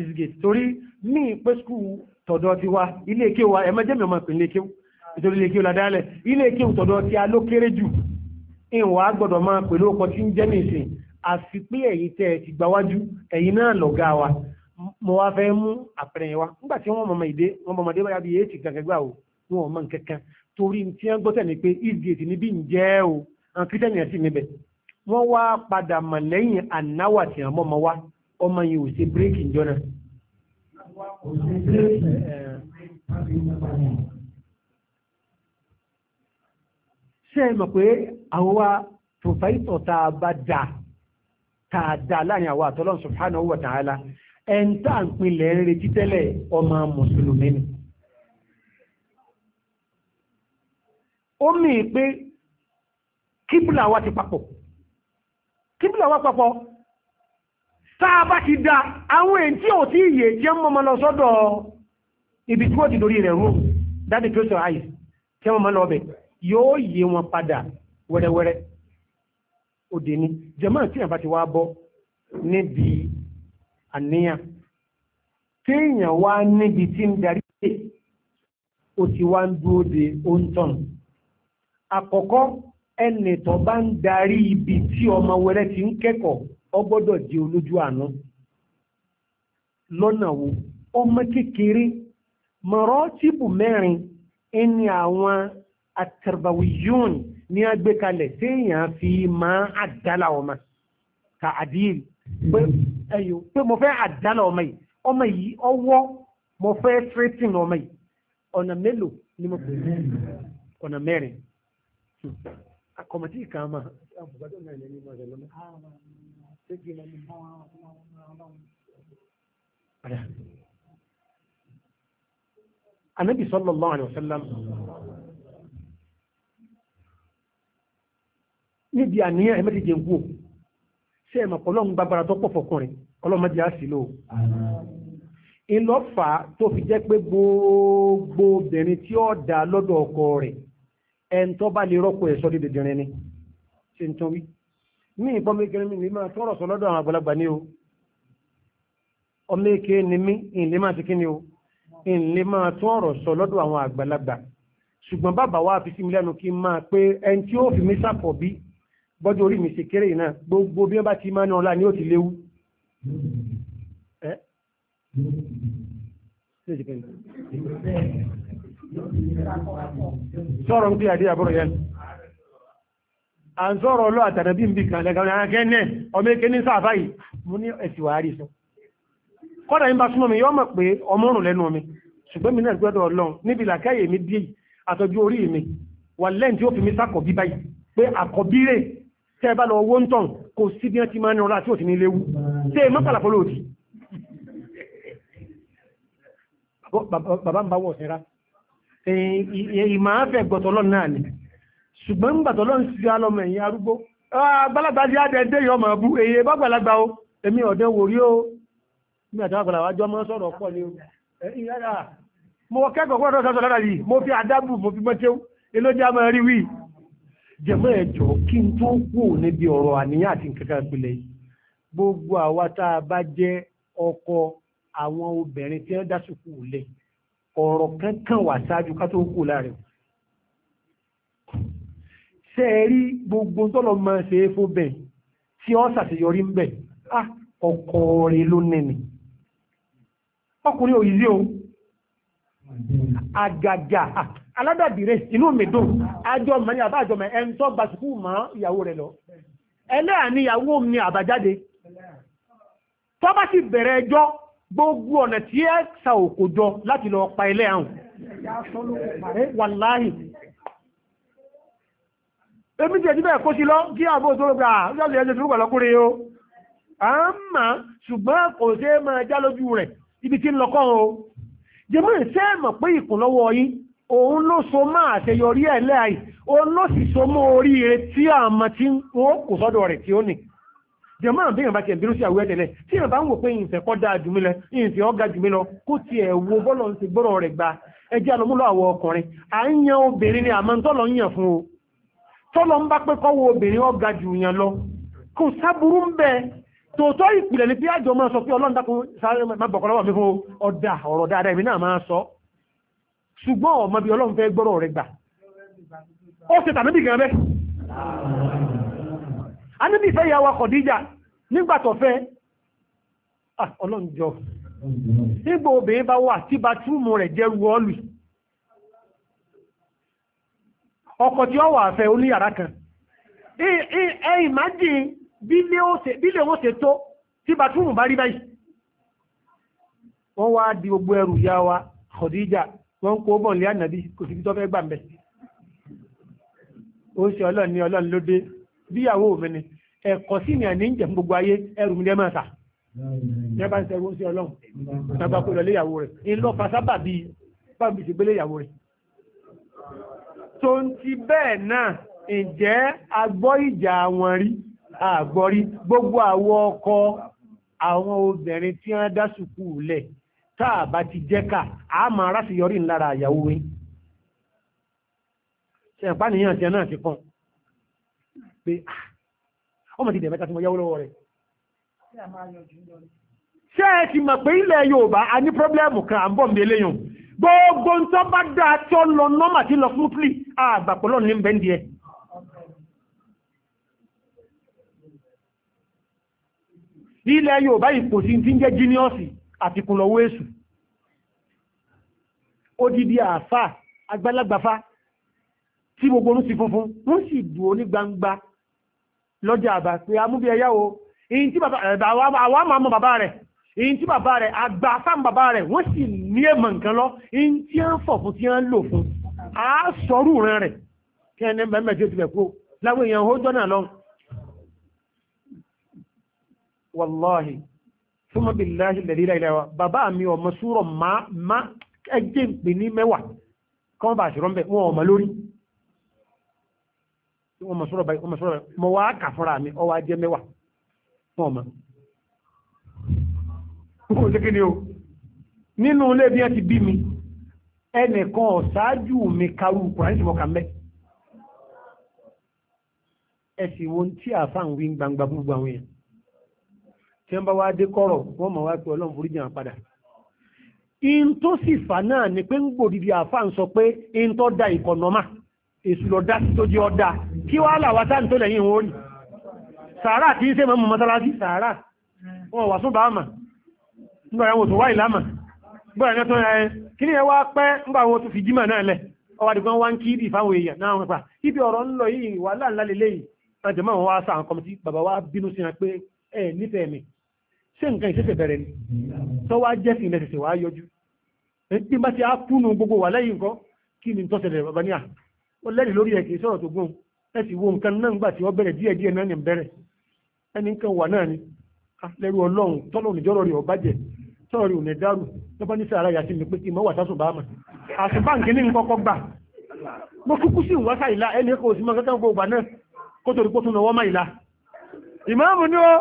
isgate torí ní pé skul tọ̀dọ̀ ti wa ilé ike wa ẹ̀mẹ́jẹ́ mi ọmọ ìpín ilé ike ilé ike la dálẹ̀ ilé ike tọ̀dọ̀ ti a ló kéré jù ìwà gbọ́dọ̀ máa pẹ̀lú ọkọ̀ tí ń jẹ́ nìsín àfi pé ẹ̀yin tẹ́ ẹ ti gbáwájú ẹ̀yin náà lọ̀gá wa mo wá fẹ́ mú àpẹẹrẹ wa nígbà tí wọ́n mọ̀mọ́ ìdé wọ́n mọ̀mọ́ ìdé báyà bí èyí ti gàgàgbà o wọn ò mọ nǹkankan torí tí wọ́n gbọ́tẹ̀ ni pé eastgate níbí ń jẹ́ o àwọn kírísítẹ́nì ẹ̀ sì níbẹ̀ wọ́n wá padà mọ̀ lẹ́yìn ànáwà tí wọ́n mọ̀mọ́ wa ọmọ yìí ò ṣe bírèkì ìjọ ṣé ẹ mọ̀ pé àwa pòfáìtọ̀ tá a bá dà tá a dà láàrin àwa àtọ́lọ́run ẹ̀ńtà ìpínlẹ̀ ń retí tẹ́lẹ̀ ọmọ mùsùlùmí ni ó mì í pé kíbùlà wa ti papọ̀ kíbùlà wa papọ̀ táa bá ti da àwọn èyí tí ò tí ìyè jẹ́ mọ́mọ́ lọ sọ́dọ̀ ibi tí wọ́n ti dorí rẹ̀ rú dáadé tó sọ àyè tí wọ́n mọ́ lọ bẹ̀ yóò yé wọn padà wẹ́rẹ́wẹ́rẹ́ òdè ni jẹ́mọ́ tí àbá ti wá bọ́ níbi àníyàn tí èèyàn wá níbi tí ń darí pé ó ti wá ń dúró de oúntàn àkọ́kọ́ ẹnì tó bá ń darí ibi tí ọmọ wẹrẹ ti ń kẹ́kọ̀ọ́ ó gbọ́dọ̀ di olójú àánú lọ́nà wo ọmọ kékeré mọ̀rọ́tìbù mẹ́rin ẹni àwọn àtẹ̀rẹ̀bàwìyún ní agbékalẹ̀ téèyàn fi máa àdálà ọmọ ka àdíyìí ẹ̀yọ́ pé mo fẹ́ àdálà ọmọ yìí ọmọ yìí ọwọ́ mo fẹ́ tírẹ́tìn ọmọ yìí ọ̀nà mélòó ni mo pè é ọ̀nà mẹ́rin akọ̀mọ̀tì kan máa àbùgbàdo mẹ́rin ní ìmọ̀ rẹ̀ lọ́nà ṣégi lọ ní báwọn ọlọ́run. Ànábì sallallahu alaihi wasallam níbi àníyàn ẹ̀mẹ́tẹ̀ẹ̀jẹ̀ ń wò ṣé ẹ mọ̀ pé ọlọ́run gbàgbára tó pọ̀ fọkùnrin ọlọ́run jẹ́ àṣìlò ìlọ́fà tó fi jẹ́ pé gbogbo obìnrin tí ó dá lọ́dọ̀ ọkọ rẹ̀ ẹn tó bá lè rọ́pò ẹ̀ṣọ́ dídì dìrin ni ṣe ń tán wí ní ìbọn mékèrè mi ní máa tọrọ sọ lọ́dọ̀ àwọn àgbàlagbà ní o ọmọ èké ni mí ìlé máa ti kí ni o ìlé máa tọrọ sọ lọ́dọ̀ àwọn àgbàlagbà ṣùgbọ́n bàbá wa fi sí mi lẹ́nu kí n máa pé ẹni tí ó fi mí sàpọ̀ bí bọ́jú orí mi sì kéré náà gbogbo bí wọ́n bá ti máa ń ọlá ni ó ti léwu. sọ̀rọ̀ ń pè àdé àbúrò yẹn à ń sọ̀rọ̀ ọlọ́ àtàdàbí ń bì kan lẹ́gbẹ̀rún àwọn akẹ́ẹ̀ẹ́ ọmọ èké ní sáà báyìí mo ní ẹ̀sìn wàá rí sọ kọ́dà yín bá súnmọ́ mi yọ́ mọ̀ pé ọmọ òrùn lẹ́nu mi ṣùgbọ́n mi náà gbọ́dọ̀ ọlọ́run níbi làkẹ́yè mi díè àtọ́jú orí mi wà lẹ́yìn tí ó fi mi sákọ̀ bí báyìí pé àkọ́bí rè tẹ́ bá lọ owó ń tàn kò sí bí wọ́n ti máa ń rọra tí ò sí ní léwu tẹ́ ẹ mọ́kànlá fọlọ́ òdì. bàbá ń bá wọ̀ sẹ́ra ìmọ̀ àfẹ́ gbọ̀tọ̀ lọ́nà náà ni ṣùgbọ́n ń gbàtọ̀ lọ́nà sí alọ́mọ ẹ̀yìn arúgbó àgbàlagbà sí àdẹ́dẹ́ yọ máa bú èyí bá gbàlagbà o èmi ọ̀dẹ́ wò rí o mi àti àgbàlagbà jọ máa sọ̀rọ̀ pọ̀ ni o mo kẹ́kọ̀ọ́ gbọ́dọ̀ sọ̀rọ̀ lára yìí mo fi àdábù mo fi mọ́tẹ́wù elójá máa rí wíì jẹ̀mọ́ ẹ̀jọ́ kí n tó kú níbi ọ̀rọ̀ àníyàn àti nǹkan kan yìí gbogbo àwa tá a bá jẹ́ ọkọ àwọn obìnrin tí wọ́n dásùkú lẹ̀ ọ̀rọ̀ kankan wà ṣáájú ká tó kú láàrin ṣe é rí gbogbo tọ́lọ̀ máa ṣe é fún bẹ́ẹ̀ tí ó ṣàṣeyọrí ń bẹ̀ ọkọ rẹ̀ ló nẹ̀nì ọkùnrin òyìnbí àgàgà aládàbìrẹ́ inú mi dùn àjọ mọ̀ ní àbájọ mọ̀ ẹni tó gba sùkúù mọ́ ìyàwó rẹ̀ lọ ẹlẹ́à ni ìyàwó mi àbájáde tó bá sì bẹ̀rẹ̀ ẹjọ́ gbogbo ọ̀nà tí ẹ sa òkò jọ láti lọ pa ilé àwọn wàláhì ebi tí ẹ̀díbẹ̀ kó sí lọ kí àbò tó rọ̀ gbà yọ́sẹ̀ ẹ̀jẹ̀ tó pẹ̀lọ́kùnrin o a ń mà ṣùgbọ́n kò ṣe máa já lójú rẹ̀ ibi tí ń lọ kọ́ o jẹ́mọ́ ìṣẹ́ mọ̀ pé ìkùnlọ́wọ́ yín òun ló so máa àṣeyọrí ẹ̀ lẹ́àì òun ló sì so mọ́ oríire tí ti ẹ̀bírú sí àwọ̀ ẹ̀tẹ̀lẹ̀ tí ń wò pé ìyìnfẹ́ kọ́ ìyìnfẹ́ ọ̀gá lọ kó ti ẹ̀ wo bọ́lọ̀ ń ti gbọ́rọ̀ rẹ̀ gba ẹjẹ́ ọkùnrin à ń yan obìnrin ni àmọ́ tọ́lọ̀ ń yàn fún o tọ́lọ̀ ń bá pé kọ́ wo obìnrin ọ̀gá jù yàn lọ kò sábúrú ń bẹ tòótọ́ ìpìlẹ̀ ni pé àjọ máa sọ pé ọlọ́run sáré bọ̀kọ́ lọ́wọ́ mi ṣùgbọ́n ọmọ bí ọlọ́run fẹ́ gbọ́rọ̀ rẹ̀ gbà ó ṣe tàbí gan bẹ́ anábì fẹ́ ìyàwó Khadija nígbà tó fẹ́ ah, ọlọ́run jọ nígbà obìnrin bá wà tí bá túmù rẹ̀ jẹ́rù ọ́lù ọkọ̀ tí ó wà fẹ́ ó ní yàrá kan ẹ ìmájì bílé wọn ṣe tó tí bá túmù bá rí báyìí wọ́n wá di gbogbo ẹrù yá wa wọ́n ń kó bọ̀ nílé ànábì kò síbi tó fẹ́ gbà mẹ́ ó ṣe ọlọ́run ní ọlọ́run ló dé bíyàwó mi ni ẹ̀kọ́ sí ni àní ń jẹ̀ gbogbo ayé ẹrù mi lẹ́ máa ta yẹn bá ń sẹ́wọ́ sí ọlọ́run nàbà kó lọlé ìyàwó rẹ̀ ńlọ fasábà bíi báwo ti gbélé ìyàwó rẹ̀ tó ń ti bẹ́ẹ̀ náà ǹjẹ́ agbọ́ ìjà àwọn rí àgbọ́rí gbogbo àwọn ọkọ àwọn obìnrin tí wọ́n dá sùkúù lẹ̀ táà bá ti jẹ́ ká a máa ráfi yọrí lára àyàwó wí ṣe ẹ̀pá nìyàn tí ẹ náà ti pọ́n pé ah, ọmọ ti dẹ̀mẹ́ta tí mo yáwó lọ́wọ́ rẹ̀ ṣe ẹ ti mọ̀ pé ilẹ̀ Yorùbá a ní pọ́blẹ́mù kan à ń bọ̀ mbẹ́lẹ́ yùn gbogbo ń tọ́ bá dáa tí lọ nọ́mà tí lọ fún plì àgbàpọ̀lọ́ ní bẹ́ndì ẹ̀ ilẹ̀ Yorùbá ipò ti ń jẹ́ jíníọ̀sì àfikúnlọ́wọ́ èṣù odidi àfà àgbàlagbàfà tí gbogbo orún sí funfun wọ́n sì dùn ní gbangba lọ́jà àbá pé amúbí ẹyá o èyí tí bàbá rẹ̀ àwa máa mọ bàbá rẹ̀ èyí tí bàbá rẹ̀ àgbà sáà bàbá rẹ̀ wọ́n sì ní èèmọ̀ nǹkan lọ èyí tí wọ́n fọ̀ fún tí wọ́n lò fún a sọ̀rù rẹ̀ rẹ̀ kí ẹni mẹ́mẹ́ tí ó ti bẹ̀ kú láwọn èèyàn ó jọ́nà lọ wàláhì súnmọ́ bí láti lẹ̀rí láìláì wa bàbá mi ọmọ súrọ̀ máa ẹgbẹ́ ìpè ní mẹ́wàá kọ́ bá ṣùrọ̀ mẹ́ wọn ọmọ lórí wọn mọ̀ súrọ̀ báyìí wọn mọ̀ súrọ̀ báyìí mọ̀ wá kà fúnra mi ọwọ́ ajẹ́ mẹ́wàá wọn ọmọ. kókò ṣe nínú ilé bí wọn ti bí mi ẹnìkan ọ̀ṣáájú mi karú kùránì tí mo ẹ̀sìn wo ti àfáà gbangba gbogbo àwọn èèyàn tí wọ́n bá wá dé kọ́rọ̀ wọ́n mọ̀ wá pé ọlọ́run foríjì àwọn padà in tó sì fà náà ni pé ń ń sọ pé in tó da ìkọ̀nọ́mà èsù lọ dá tó jẹ́ ọ̀dà kí là wá sáà tó lẹ́yìn wọn sàárà tí ń mọ́ mọ́sálásí sàárà wọn wà sún nígbà yẹn wò tó gbọ́dọ̀ tó yẹn kí ni ẹ wá pẹ́ nígbà wo tó fi náà lẹ̀ wá ń ìfáwọn èèyàn náà wọn pa ibi ọ̀rọ̀ ń lọ yìí wà láńlá lélẹ́yìn àjẹmọ́ wọn wá sáà kọ́mọtì bàbá wa bínú sí wọn pé ẹ nífẹ̀ẹ́ mi ṣé nǹkan ìṣẹ́ṣẹ́ bẹ̀rẹ̀ ni tó wá jẹ́ sí ilẹ̀ ṣẹ̀ṣẹ̀ wá yọjú tí bá ti á kúnnù gbogbo wà lẹ́yìn nǹkan kí ni tó ṣẹlẹ̀ bàbá ní à ó lẹ́rì lórí ẹ̀ kìí sọ̀rọ̀ tó gbọ́n ẹ sì wo nǹkan náà nígbà tí ó bẹ̀rẹ̀ díẹ̀ díẹ̀ náà ní bẹ̀rẹ̀ ẹni nǹkan wà náà ni lẹ́rù ọlọ́run tọ́lọ̀ níjọ́rọ̀ rẹ̀ ọ̀bàjẹ́ tọ́rọ̀ rẹ̀ ò ní dárù lọ́bá ní sàárà yàtí mi pé ìmọ̀ wà sásùn bá mà àṣùbáǹkì ní nǹkan kọ́ gbà mo kúkú sí ìwọ́ sáìlá ẹni kò sí mọ́ kankan gbogbo náà kó torí pé tún lọ́wọ́ máìlá ìmáàmù ni ó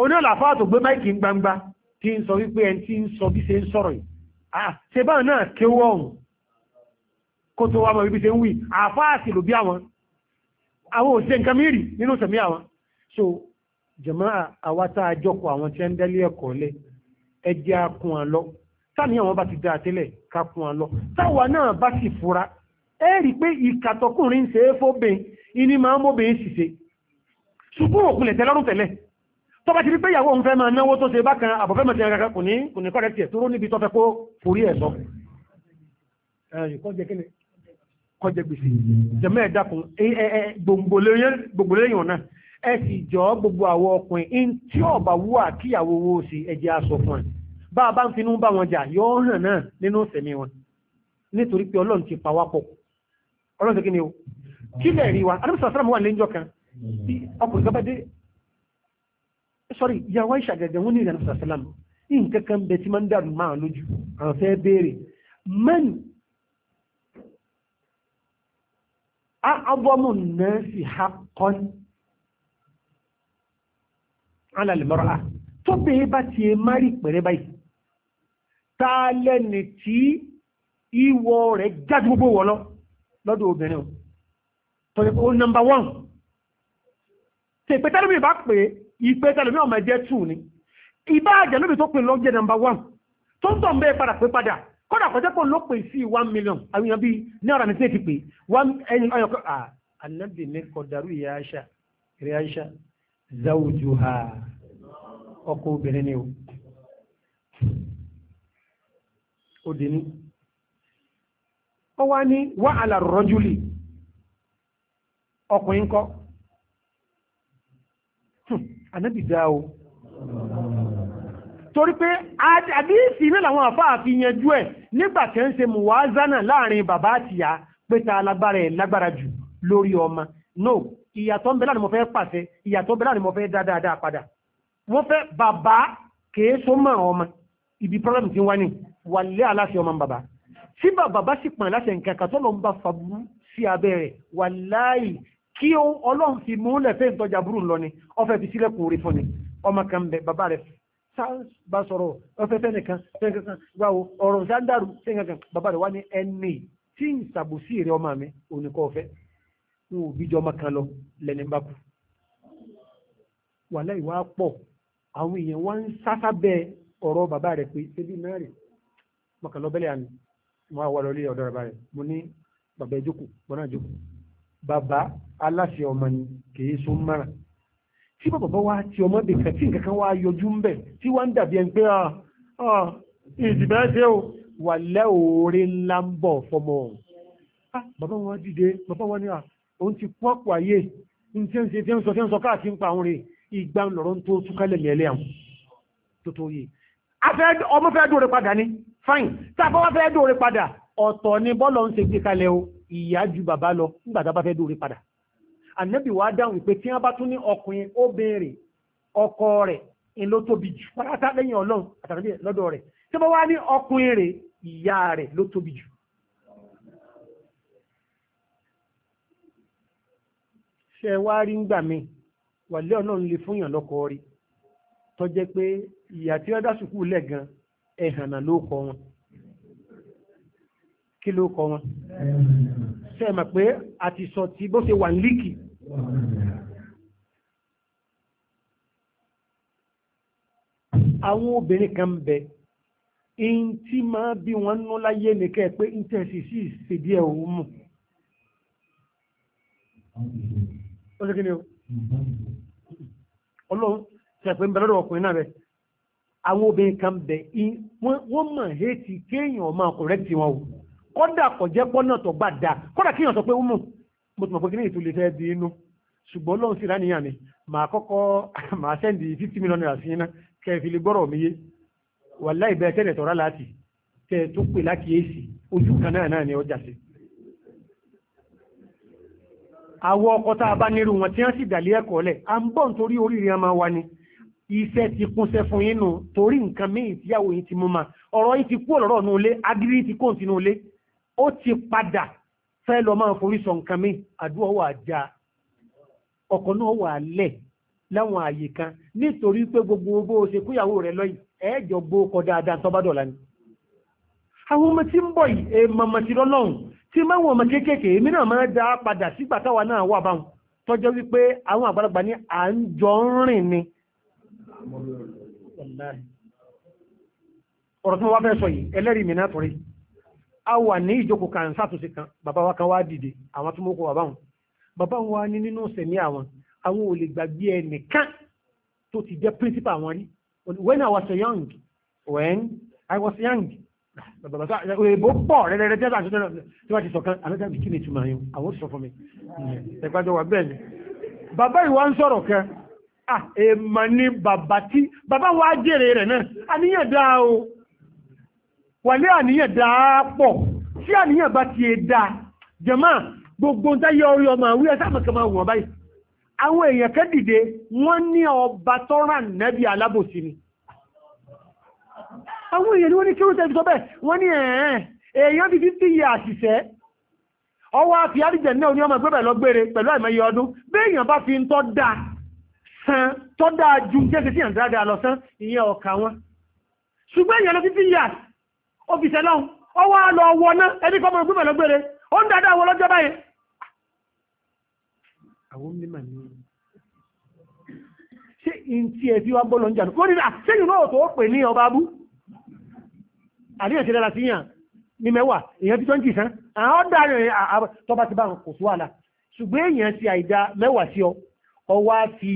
oní ọ̀làfáà tó gbé máìkì ń gbangba tí ń sọ wípé ẹni tí ń sọ bí ṣe ń sọ̀rọ̀ yìí ṣe báwọn náà kéwọ́ ọ̀hún kó tó wá mọ̀ wípé ṣe ń wí àfáà sì lò bí àwọn àwọn òṣìṣẹ́ nǹkan mìírì nínú ìsẹ̀mí àwọn so jàmáà àwa tá a jọkọ̀ àwọn tí ń dálé ẹ̀kọ́ lẹ ẹjẹ́ akun àlọ́ táni àwọn bá ti dá àtẹ́lẹ̀ ká kun àlọ́ ṣùgbọ́n òkun tẹ́lọ́rùn tẹ́lẹ̀ tó bá ti rí pé ìyàwó òun fẹ́ máa náwó tó ṣe bákan àbọ̀fẹ́ mọ̀ sí ẹ̀rọ kò ní kò ní kọ́rẹ́ tiẹ̀ tó rú níbi tó fẹ́ kó forí ẹ̀ sọ. kọjẹ gbèsè jẹmọ ẹ dákun gbòǹgbò lẹ́yìn ọ̀nà ẹ sì jọ gbogbo àwọn ọkùnrin ń tí ọba wú àkíyàwó owó sí ẹjẹ aṣọ fún ẹ bá a bá ń finú bá wọn jà yọ hàn náà nínú ìsẹ̀mí wọn nítorí pé ọlọ́run ti pa wá pọ̀ ọlọ́run ti kí ni o kí lẹ̀ rí wa adébísọ̀ sọ́dọ̀ mọ́ wà kan ọkùnrin kan bá dé sọ́rí ìyàwó ìṣàgẹ̀gẹ̀ wọn ní ìrìnà sàṣàlám nǹkan kan bẹ tí máa ń dàrú máa lójú àwọn fẹ́ béèrè mẹ́ni abọ́mù náà sì ha kọ́n alàlùmọ́ra tó bèé bá ti má rí pẹ̀rẹ́ báyìí ta lẹ́ni tí ìwọ rẹ̀ jáde gbogbo wọ̀ lọ lọ́dọ̀ obìnrin o tọ́jú pé ó nọmba wọ́n tẹ̀pẹ́tẹ́lẹ́bì bá pè é ìpé tẹ́lẹ̀ ní ọmọ ẹjẹ́ tù ní ìbá àjẹ́lóbi tó pin lọ́jẹ́ nàmbà wán tó ń tàn bẹ́ẹ̀ padà pé padà kódà kọjá pọ̀ ló pè sí one million àwọn èèyàn bíi náírà ní pé one ẹni ọyọkọ ànábì ní kọdàrú ìyá aṣá ìrẹ ha ọkọ obìnrin ni o òdì ní ọ wá ní wà àlà rọjúlì ọkùnrin kọ́ ànábì dá o torí pé àdíìsì ilé làwọn àfáà fi yanjú ẹ̀ nígbà tẹ́ ń ṣe mùwázánà láàrin bàbá àtìyá pé ta lágbára ẹ̀ lágbára jù lórí ọmọ no ìyàtọ̀ ń bẹ láàrin mo fẹ́ pàṣẹ ìyàtọ̀ ń bẹ láàrin mo fẹ́ dáadáa padà wọ́n fẹ́ bàbá kèé mọ́ ọmọ ibi problem ti wá ní wàlẹ́ aláṣẹ ọmọ bàbá tí bàbá bá sì pàn láṣẹ nǹkan kan ń bá fàbú sí abẹ́ wàláì kí ọlọ́run fi múlẹ̀ fẹ́ ìtọ́jà burú lọ ni ọfẹ́ fi sílẹ̀kùn orí fún ni ọmọ kan bẹ bàbá rẹ̀ bá sọ̀rọ̀ ọfẹ́ fẹ́ nìkan fẹ́nìkan gbáwo ọ̀rọ̀ sáńdàrú fẹ́nìkan bàbá rẹ̀ wá ní ẹni tí ń sàbòsí rẹ̀ ọmọ mi oníkọ́ ọfẹ́ ń wò bíjọ ọmọ kan lọ lẹ́ni bá kú wàhálà ìwà pọ̀ àwọn èèyàn wá ń sáfá bẹ ọ̀rọ̀ bàbá rẹ̀ pé ṣébí mẹ́rin mọ̀kànlọ́bẹ̀lẹ̀ àná mo wá wà lọ bàbá aláṣẹ ọmọ ni kìí so mọ́ra tí bàbá bá wá ti ọmọ bèèrè tí nǹkan kan wá yọjú ń bẹ̀ tí wá ń dàbí ẹni pé ìdìbò ẹ̀ṣẹ̀ o wà lẹ́òórí ńlá ń bọ̀ fọmọ bàbá wọn dìde bàbá wọn ni à òun ti kú ọ̀pọ̀ ayé ní tí ń ṣe tí ń sọ tí ń sọ káàkiri ń pa àwọn rè ìgbà ńlọrọ tó túkálẹ̀ lẹ́lẹ́ àwọn tó tó yé ọmọ fẹ́ dóore padà ni fine tá a bá wá fẹ́ dóore padà ọ̀tọ̀ ni bọ́ọ̀lù ń ṣe gbé kalẹ̀ o ìyá ju bàbá lọ nígbà bá fẹ́ dóore padà ànábì wàá dáhùn pé tí wọ́n bá tún ní ọkùnrin ọkọ rẹ̀ ń ló tóbi jù pátá lẹ́yìn ọlọ́run àtàkùn lọ́dọ̀ rẹ̀ tí wọ́n wá ní ọkùnrin rẹ̀ ìyá rẹ̀ ló jù. ṣe wá rí ń gbà mí wàlẹ́ fún kí ló kọ wọn ṣe mọ̀ pé a ti sọ ti bó ṣe wà ní líkì àwọn obìnrin kan bẹ in tí máa bí wọn nú láyé nìkẹ́ pé intẹ́sì sí ìṣèdí ẹ̀ òun o ọlọ́run ṣe pé ń bẹ lọ́dọ̀ ọkùnrin náà bẹ àwọn obìnrin kan bẹ wọ́n mọ̀ hẹ́ẹ̀tì kéèyàn máa kọ̀rẹ́tì wọn o. kọ́dà kò jẹ́ pọ́nà tó bá da kọ́dà kíyàn sọ pé ó mú mo mọ̀ pé kí ní ìtúlẹ̀ fẹ́ di inú ṣùgbọ́n ma sì ráníyàn ni màá kọ́kọ́ màá sẹ́ndì fifty million naira sí iná kẹ́ ẹ fi lè gbọ́rọ̀ mi yé bẹ́ẹ̀ tẹ́lẹ̀ tọ́ra láti tẹ́ ẹ tó pè ojú kan náà náà ni ọjà sí. a bá nírú wọn tí sì dàlẹ́ ẹ̀kọ́ lẹ̀ à ń bọ̀ nítorí oríire a máa wa ni iṣẹ́ ti kúnṣẹ́ fún yín nù ó ti padà fẹ́ lọ máa forísọ sọ nǹkan mi àdúrà wà já ọkọ̀ náà wà lẹ̀ láwọn ààyè kan nítorí pé gbogbo owó ṣe kúyàwó rẹ̀ lọ́yìn ẹ̀ẹ́jọ gbó kọ dáadáa tó bá dọ̀la ni. àwọn ọmọ tí ń bọ̀ yìí èèmọ̀ mọ̀ sí lọ́lọ́run tí máwọn ọmọ kéékèèké èmi náà máa dá padà sígbà táwa náà wà báwọn tọ́jọ́ wípé àwọn sọ yìí ẹlẹ́rìí mi náà torí. a wà ní ìjókòó kan sátúnṣe kan bàbá wa kan wá dìde àwọn tó mú kó bàbá wọn bàbá wọn wá ní nínú ọ̀sẹ̀ ní àwọn àwọn ò lè gbàgbé ẹnìkan tó ti jẹ́ principal wọn rí when I was young when I was young òyìnbó pọ̀ rẹ̀rẹ̀rẹ̀ tí wọ́n ti sọ̀kan àlọ́jà bí kí ni ìtumọ̀ yẹn àwọn ò sọ fún mi ẹ̀gbájọ wà bẹ́ẹ̀ ni bàbá ìwà ń sọ̀rọ̀ kan ah, èèmọ̀ ni bàbá tí bàbá wa jèrè rẹ̀ náà àníyàn dáa o wàlé àníyàn dáa pọ̀ tí àníyàn bá ti e dáa jẹ̀mọ́ gbogbo ń táyé orí ọmọ àwọn ẹ̀sà mọ̀kànmá wọ̀n báyìí àwọn èèyàn kẹ́ dìde wọ́n ní ọba tọ́ra nẹ́bí alábòsí ni àwọn èèyàn ni wọ́n ní kírútẹ́ fi sọ bẹ́ẹ̀ wọ́n ní ẹ̀ẹ́n èèyàn fi fífi yẹ àṣìṣẹ́ ọwọ́ àfi àríjẹ̀ náà ní ọmọ ìgbẹ́bẹ̀ lọ gbére pẹ̀lú àìmọye ọdún béèyàn bá fi ń tọ́ da san tọ́ da ju jẹ́sẹ̀ sí àǹdáadáa lọ san ìyẹn ọ̀kà wọn ṣùgbọ́n èèyàn lọ fífi yẹ àṣìṣẹ́ ó fi sẹ́lọ́hun ó wá lọ wọná ẹni kọ́ mọ̀ gbúmọ̀ lọ́gbẹ̀rẹ̀ ó ń dáadáa wọ lọ́jọ́ báyìí àwọn mímọ̀ ní ṣe in tí ẹ fi wá gbọ́ lọ́njà ló nílá sẹ́yìn náà tó pè ní ọba abú àríyànṣẹ́ lára sí yàn ní mẹ́wàá èèyàn ti tó ń jì sán àwọn ọ̀dà tọba ti bá wọn kò sí wàhálà ṣùgbọ́n èèyàn ti àìdá mẹ́wàá sí ọ ọwá fi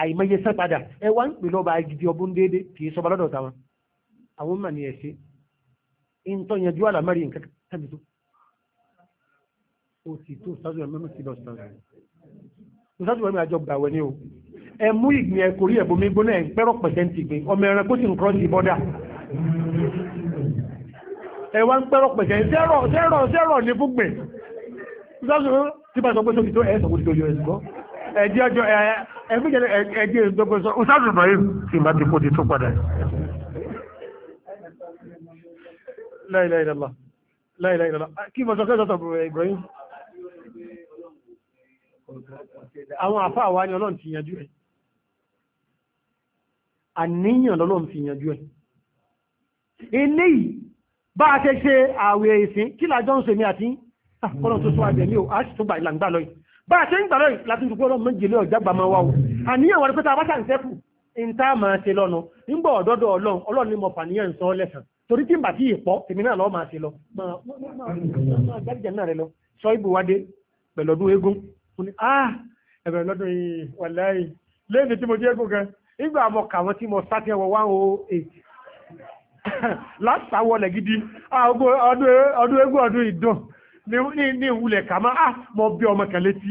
àìmọye sán padà ẹ ń pè lọ́ba agidi ọbún déédéé sọba lọ́dọ̀ táwọn àwọn mímọ̀ ní ẹ̀ṣẹ́ ìntọ́ yanjú àlàmọ́rí nǹkan tàbí tó ó sì tó sáájú ẹ̀mọ́ sí lọ sáájú tó sáájú ẹ̀mọ́ àjọ gbàwẹ̀ ní o ẹ mú ìgbìn ẹ̀kọ́ rí ẹ̀bùnmi gbóná ẹ̀ ń pẹ́rọ̀ pẹ̀sẹ̀ntì gbìn ọmọ ẹran kó sì ń kọ́ sí bọ́dà ẹ wá ń pẹ́rọ̀ pẹ̀sẹ̀ntì zẹ́rọ̀ zẹ́rọ̀ zẹ́rọ̀ ní fúgbìn sáájú tí bá sọ pé sókè tó ẹ̀ sọ la ilaha illallah la ilaha illallah ah, kí mo sọ kẹ́ sọ́tọ̀ Ibrahim àwọn àfá àwa ni ọlọ́run ti yanjú ẹ̀ àníyàn lọ́lọ́run ti yanjú ẹ̀ eléyìí bá a ṣe ṣe àwẹ̀ ìsìn kí làjọ ń ṣe ní àti ah, ọlọ́run tó sọ àbẹ̀ ní o a sì tún gbà ìlànà gbà lọ́yìn bá a ṣe ń gbà lọ́yìn láti dùkú ọlọ́run méje lé ọ̀já gbà máa wá o àníyàn wà a bá ṣàǹṣẹ́kù ń tá a máa ṣe lọ́nu nígbà ọ̀dọ́dọ̀ ọlọ́run ọlọ́run ni mo fàníyàn ń sọ lẹ́sàn-án torí tí n bàtí ìpọ́ tèmi náà lọ́ọ́ máa ṣe lọ máa gbàdìjà náà rẹ lọ sọ ibùwádé pẹ̀lú ọdún eégún mo ní ah ẹ̀bẹ̀rẹ̀ lọ́dún yìí wàláyé lẹ́yìn tí mo jẹ́ eégún gan nígbà mo kà wọ́n tí mo sáté wọ one oh eight látàwọlẹ̀ gidi ah, e, ọdún eégún ọdún ìdùn ní ìwúlẹ̀ kà máa ah mo bí ọmọ kan létí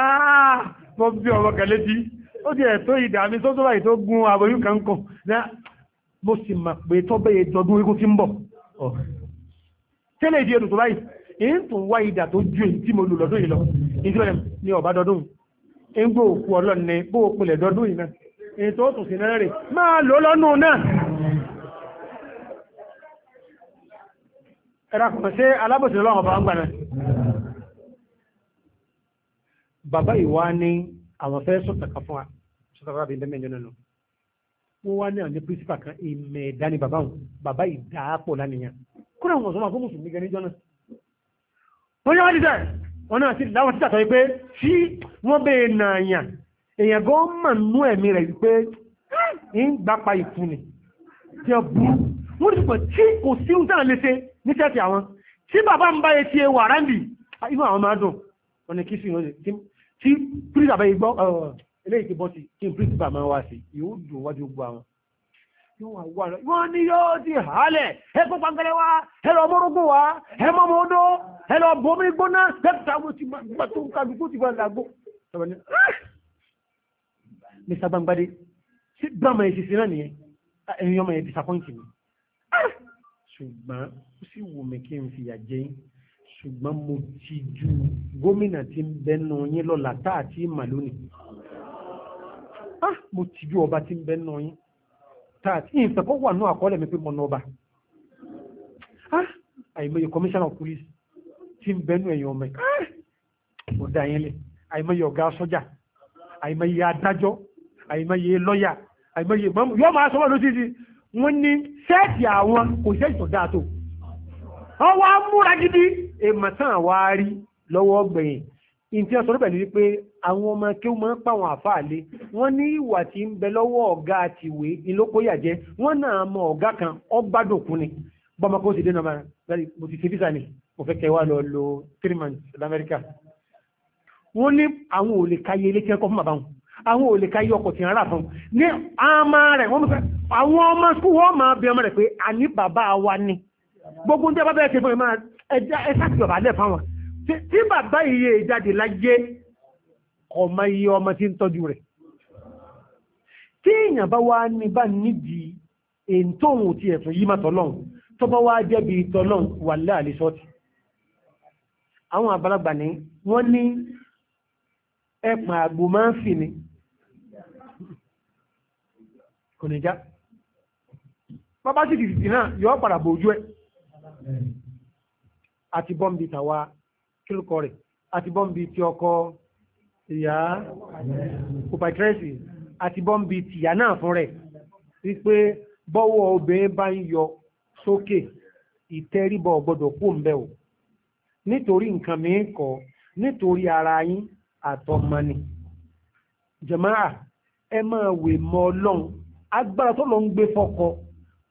ah mo bí ọmọ kan létí ó ti ẹ̀ tó ìdààmú sọ́sọ́ báyìí tó gun àbòyún kan kọ̀ mo sì mọ̀ pé tó bẹ́yẹ jọdún orígun tí ń bọ̀ tẹ́lẹ̀ ìdí ẹ̀dùn tó báyìí èyí tó ń wá ìdà tó ju èyí tí mo lù lọ́dún yìí lọ ìdí ọ̀rẹ́ ni ọ̀bá dọdún ń gbó òkú ọlọ́ni bó o pinlẹ̀ dọdún yìí náà èyí tó tún sí náà rè máa lò lọ́nù náà ẹ̀rọ kò ṣe alábòsí lọ́wọ́ bá ń gbà náà bàbá ìwá ní àwọn fẹ́ sọ̀tàkà fún wa sọ̀tàkà bí bẹ́ẹ̀ wọ́n wá ní àwọn ní pírísípà kan ìmẹ̀ ẹ̀dá ni bàbá wọn bàbá ìdáàpọ̀ lánìyàn kúrò àwọn ọ̀sán máa fún mùsùlùmí gẹ́gẹ́ níjọ́ náà wọ́n yá wá dídá wọn náà sì láwọn títà sọ pé tí wọ́n bẹ̀ nààyàn èèyàn gan mọ̀ nú ẹ̀mí rẹ̀ wípé ń gbapa ìfun ni tí ó burú wọ́n ti pọ̀ tí kò sí ohun táwọn lè ṣe ní tẹ́tì àwọn tí bàbá ń bá yẹ ti inú àwọn máa dùn wọn ni kí eléyìí ti bọ́ sí kí n príncipà máa wá sí yóò dùn wájú gbogbo àwọn wọ́n ní yóò ti hálẹ̀ ẹkùn pàǹkẹ́lẹ́ wá ẹlọ mọ́rúgbò wá ẹmọ́ mọ́ ọdọ́ ẹlọ bọ́mí gbóná pẹ́pẹ́tàwó ah! mr gbangbade sí drama yìí sísè náà nìyẹn ah, ẹ̀yìn ọmọ yẹn disappoint mi ah! ṣùgbọ́n ó sì wù mí kí n fìyà jẹ yín ṣùgbọ́n mo ti ju gómìnà tí ń bẹnu yín ah mo ti ju ọba tí ń bẹ nù yín tààtì ìfẹ̀kọ́ wà náà àkọọ́lẹ̀ mi pé mo nà ọba ah àìmọye commissioner of police tí ń bẹ ẹ̀yìn ọmọ ẹ̀ ah mo dá yín lé àìmọye ọ̀gá sọ́jà àìmọye adájọ́ àìmọye lọ́yà àìmọye mọ́mú yọ́ máa sọ́wọ́ lójú sí wọ́n ní sẹ́ẹ̀tì àwọn kò sẹ́ẹ̀tì tó dáa tó wọ́n múra gidi èèmọ̀ tán àwa rí lọ́wọ́ gbẹ̀yìn ìntí ọ̀sọ̀rọ̀ pẹ̀lú wípé àwọn ọmọ kí ó máa ń pàwọn àfáàlé wọ́n ní ìwà tí ń bẹ lọ́wọ́ ọ̀gá àti ìwé ìlókóyàjẹ́ wọ́n náà mọ ọ̀gá kan ọgbádòkun ni bọ́mọ kó sì dénà máa mo ti ṣe visa ni mo fẹ́ kẹwàá lọ lo three months lamẹ́ríkà wọ́n ní àwọn ò lè káyé ilé tí wọ́n kọ́ fún bàbá wọn àwọn ò lè káyé ọkọ̀ tí wọ́n rà fún ní àmà rẹ̀ wọ́n fẹ́ àwọn tí bàbá iye ìjáde láyé ọmọ iye ọmọ tí ń tọ́jú rẹ̀ tí èèyàn bá wá ní bá nídìí èyí tó òun ti ẹ̀fún yí màtọ́ lọ́hùn tó bá wá jẹ́bi ìtọ́ lọ́hùn wà láàlẹ́ sọ́ọ̀tì àwọn àgbàlagbà ní wọ́n ní ẹ̀pà àgbò máa ń fi ni kò ní já bàbá sì kìsìtì náà yọ padà bòójú ẹ̀ àti bọ́m̀bì tàwa kílùkọ rẹ̀ àti bọ́m̀bì ti ọkọ ìyá òpàtírẹ́sì àti bọ́m̀bì ti ìyá náà fún rẹ̀ wípé bọ́wọ́ obìnrin bá ń yọ sókè ìtẹríbọ̀ gbọ́dọ̀ kú ń bẹ̀ o nítorí nǹkan mìíràn kọ́ nítorí ara yín àtọmọni jàmáà ẹ máa wè mọ ọlọ́run agbára tó lọ ń gbé fọkọ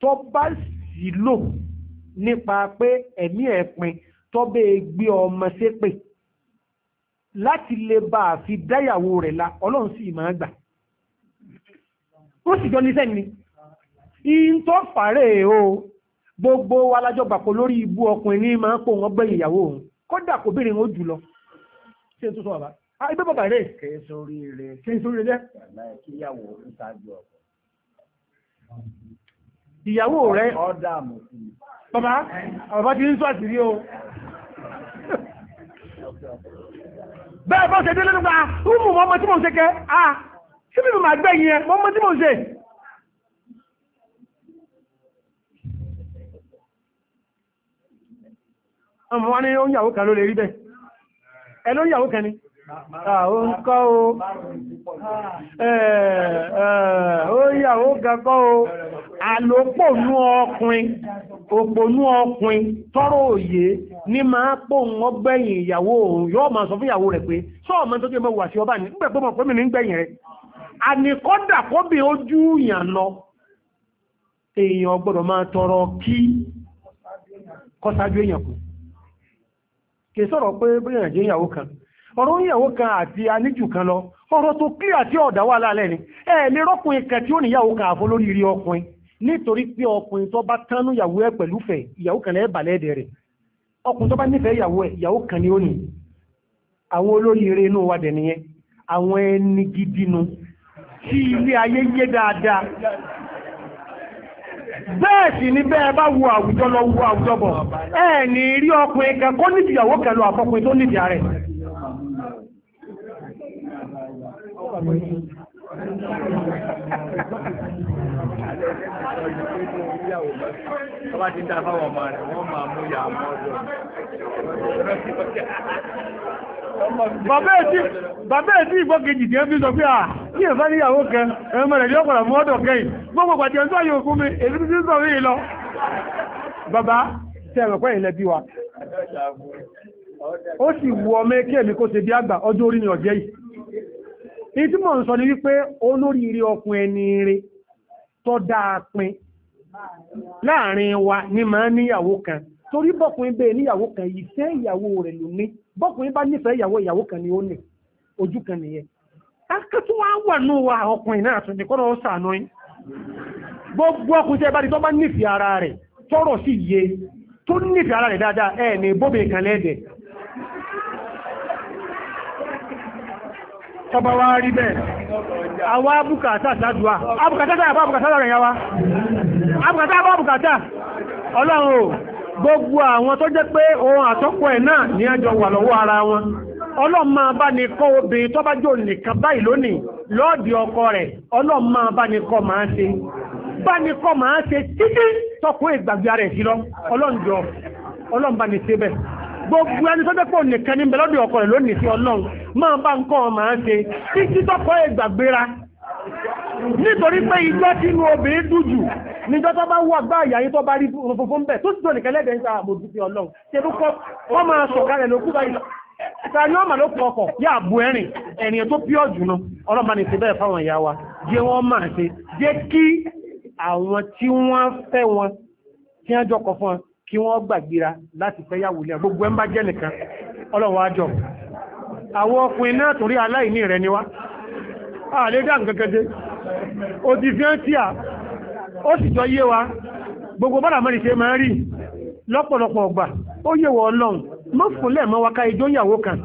tó bá sì lò nípa pé ẹ̀mí ẹ̀ pin tọ́bẹ̀ gbé ọmọ ṣépè láti lè bá a fi dáyàwó rẹ̀ la ọlọ́run sì máa gbà ó sì jọ ní sẹ́ni ìntọ́ fàárẹ̀ o gbogbo alájọgbàpọ̀ lórí ibú ọkùnrin ní máa ń pò wọ́n gbẹ̀yìn ìyàwó òun kódà kò bèèrè ìyàwó rẹ̀ bàbá ọ̀bá ti ń sọ àtìrí o bẹ́ẹ̀ bọ́ ṣe délé nígbà ọmọ ọmọ tí mo ṣe kẹ́ à ṣí bí mo máa gbẹ́ yẹn mọ́ ọmọ tí mo ṣe ọmọ wọn ni ó ń yàwó kan ló lè rí bẹ́ẹ̀ ẹ ló ń yàwó kan ni o, ẹ̀ẹ̀ ó yàwó gẹ́gọ́ o, òpònú ọkùnrin tọ́rọ òye ní máa pòun ọgbẹ̀yìn ìyàwó òun yóò máa sọ fún ìyàwó rẹ̀ pé sọ́ọ̀ máa tó jẹ́ mọ́ wà sí ọba ní nígbẹ̀ mọ̀ pé mi ní gbẹ̀yìn rẹ̀ àníkọ́dà kọ́bì ojú tọrọ kí kọ́sájú èèyàn kù kì í sọ̀rọ̀ pé bóyàn jẹ́ ìyàwó kan ọ̀rọ̀ ìyàwó kan àti aníjù kan lọ ọ̀rọ̀ tó àti ọ̀dà wà lálẹ́ ni tí ó níyàwó kan àfọlórí nítorí pé ọkùnrin tó bá tánú ìyàwó ẹ pẹ̀lú fẹ̀ ìyàwó kan lẹ́ẹ̀ bàlẹ́ẹ̀dẹ̀ rẹ̀ ọkùnrin tó bá nífẹ̀ẹ́ ìyàwó ẹ kan ni ó ní àwọn olóríire inú wa dẹ̀ nìyẹn àwọn ẹni gidi tí ilé ayé yé dáadáa bẹ́ẹ̀ sì ni bẹ́ẹ̀ bá wo àwùjọ lọ wo àwùjọ bọ̀ ẹ ní rí ọkùnrin kan kó ìyàwó kan lọ àfọkùnrin tó ìlú pé fún ìyàwó bá tó bá ti dá fáwọn ọmọ rẹ̀ wọ́n máa mú ìyá ọmọ Bàbá ẹ̀ tí ìgbọ́kejì tí ẹ fi sọ pé à ah, ní ẹ̀fà níyàwó kẹ, ẹ̀mọ rẹ̀ yóò pọ̀lọ̀ mú ọ̀dọ̀ kẹyìn, gbogbo pàtí ẹ̀ ń sọ́yìn mi, èdè tí ń sọ̀rọ̀ yìí lọ. Bàbá tí ẹ̀rọ pẹ́ ilẹ̀ bí wa. Ó sì wù ọmọ kí èmi kó ṣe bí àgbà ọjọ́ orí ni ọ̀jẹ́ yìí. Ìtí ń sọ ni wípé olóríire ọkùnrin ẹni rin tó dáa pin láàrin wa ní máa níyàwó kan torí bọ́kùnrin bẹ́ẹ̀ níyàwó kan ìfẹ́ ìyàwó rẹ̀ ló ní bọ́kùnrin bá nífẹ̀ẹ́ ìyàwó ìyàwó kan ni ó ní ojú kan nìyẹn akẹ́tù wa wà ní wa ọkùnrin náà tó ní sànú yín gbogbo ọkùnrin tẹ́ bá di tó bá nífẹ̀ẹ́ ara tọba wa rí bẹ́ẹ̀ àwọn abúkàtà abukata abúkàtà tàbí abúkàtà rẹ̀ yáwá abúkàtà àbá abúkàtà ọlọ́run o gbogbo àwọn tó jẹ́ pé ohun àtọ́kọ̀ ẹ̀ náà ní ẹjọ́ wà lọ́wọ́ ara wọn ọlọ́run bá ní kọ́ obìnrin tó bá ọkọ rẹ̀ bá ní kọ́ máa ṣe bá ní kọ́ máa ṣe títí lọ jọ bá ní gbogbo ẹni tó dẹ́pọ̀ nìkan ní bẹ̀lọ́dẹ̀ ọkọ rẹ̀ lónìí sí ọlọ́run máa bá ń kọ́ ọ máa ń ṣe títí tọ́kọ ìgbàgbéra nítorí pé igbó tí inú obìnrin dùjù níjọ́ tó bá wà gbá àyà yìí tó bá rí funfun bẹ̀ tó sì tó nìkan lẹ́dẹ̀ẹ́ ń ta àbòjú sí ọlọ́run ṣe ló kọ́ wọ́n máa sọ̀ka rẹ̀ lókú báyìí ta ni wọ́n mà ló pọ̀ ọkọ̀ yá bu ẹ̀rìn ẹ̀rìn tó pí ọ̀jù náà ọlọ́mà ní ìṣẹ́bẹ̀rẹ̀ fáwọn ìyá wa jẹ́ wọ́n máa ṣe jẹ́ kí àwọn tí wọ́n fẹ́ wọn tí wọ́n jọkọ̀ fún wọn kí wọ́n gbàgbéra láti fẹ́yàwó lẹ́ gbogbo ẹmbá jẹ́ nìkan ọlọ́wọ́ àjọ àwọn ọkùnrin náà torí aláìní rẹ̀ ni àlédà gẹ́gẹ́gẹ́ ó ti fi ń tí à sì jọ yé wa gbogbo bára mẹ́rin máa rí lọ́pọ̀lọpọ̀ ọgbà ó yé wọ ọlọ́run mọ́ fúnlẹ̀ mọ́ ijó ìyàwó kan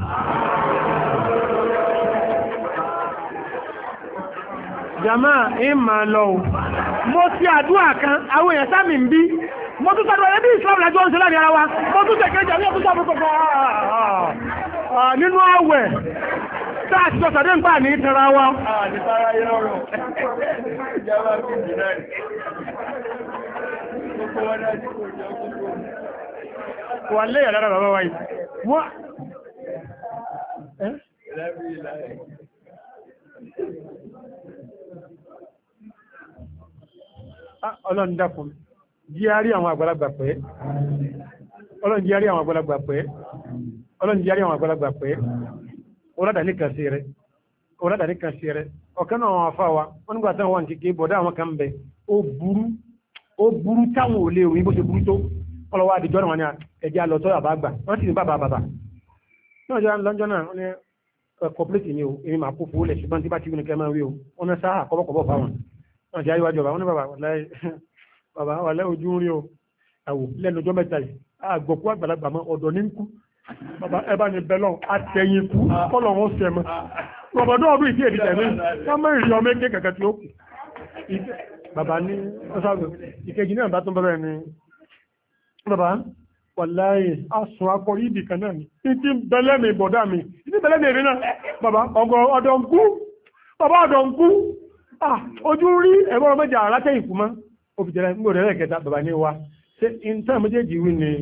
jama ń máa lọ mo ti àdúrà kan àwọn èèyàn ń mo tún sọ́dọ̀ ẹbí islam lájọ́ ń ṣe láàrin ara wa mo tún tẹ̀kẹ́ jẹ́ ní ọkùnrin ọkùnrin ah, ah, nínú àwẹ̀ táàtì tó ń gbà ní ìtara wa eh? ah, Ọlọ́run dákùnrin jíárí àwọn àgbàlagbà pẹ́ ọlọ́run jíárí àwọn àgbàlagbà pẹ́ ọlọ́run jíárí àwọn àgbàlagbà pẹ́ ọlọ́dàní kan sí rẹ ọlọ́dàní kan sí rẹ ọ̀kan náà wọn afáwa wọn nígbà táwọn wà ní kékeré bọ̀dá àwọn kan bẹ ó burú ó burú táwọn ò lè ròyìn ṣe burú tó ọlọ́wọ́ àdìjọ́ wọn ni ẹ̀jẹ̀ àlọ́tọ́ àbágbà wọ́n sì ní bàbá bàbá náà jọ lọ́jọ́ náà wọ́n ní kọ̀pọ̀lẹ́tì ni o èmi bàbá wa lẹ́ ojú rí o ẹ̀wò lẹ́nu ọjọ́ mẹ́ta yìí àgbọ̀kú àgbàlagbà mọ́ ọ̀dọ̀ ní kú bàbá ẹ bá ní bẹ́lọ̀ àtẹ̀yìn kú kọ́lọ̀ wọn sẹ̀ mọ́ rọ̀bọ̀dọ́ ọdún ìdí èdè tẹ̀mí sámẹ́ ìrì ọmọ ẹgbẹ́ kẹ̀kẹ́ tí ó kù bàbá ní ọ̀sáàgbẹ̀ ìkejì náà bá tún bẹ̀rẹ̀ ni bàbá wàláyé asùn akọrí ìdì kan náà ni títí bẹ́lẹ̀ mi bọ̀dá mi títí bẹ́lẹ̀ mi èmi náà bàbá ọgọ ọdọ ń kú bàbá ọdọ ń kú ah, ojú rí ẹ̀rọ ọmọdé àrátẹ́ ìkú mọ́ o fijere n'odere nwoke dapaba ni wa say in termi dey di winni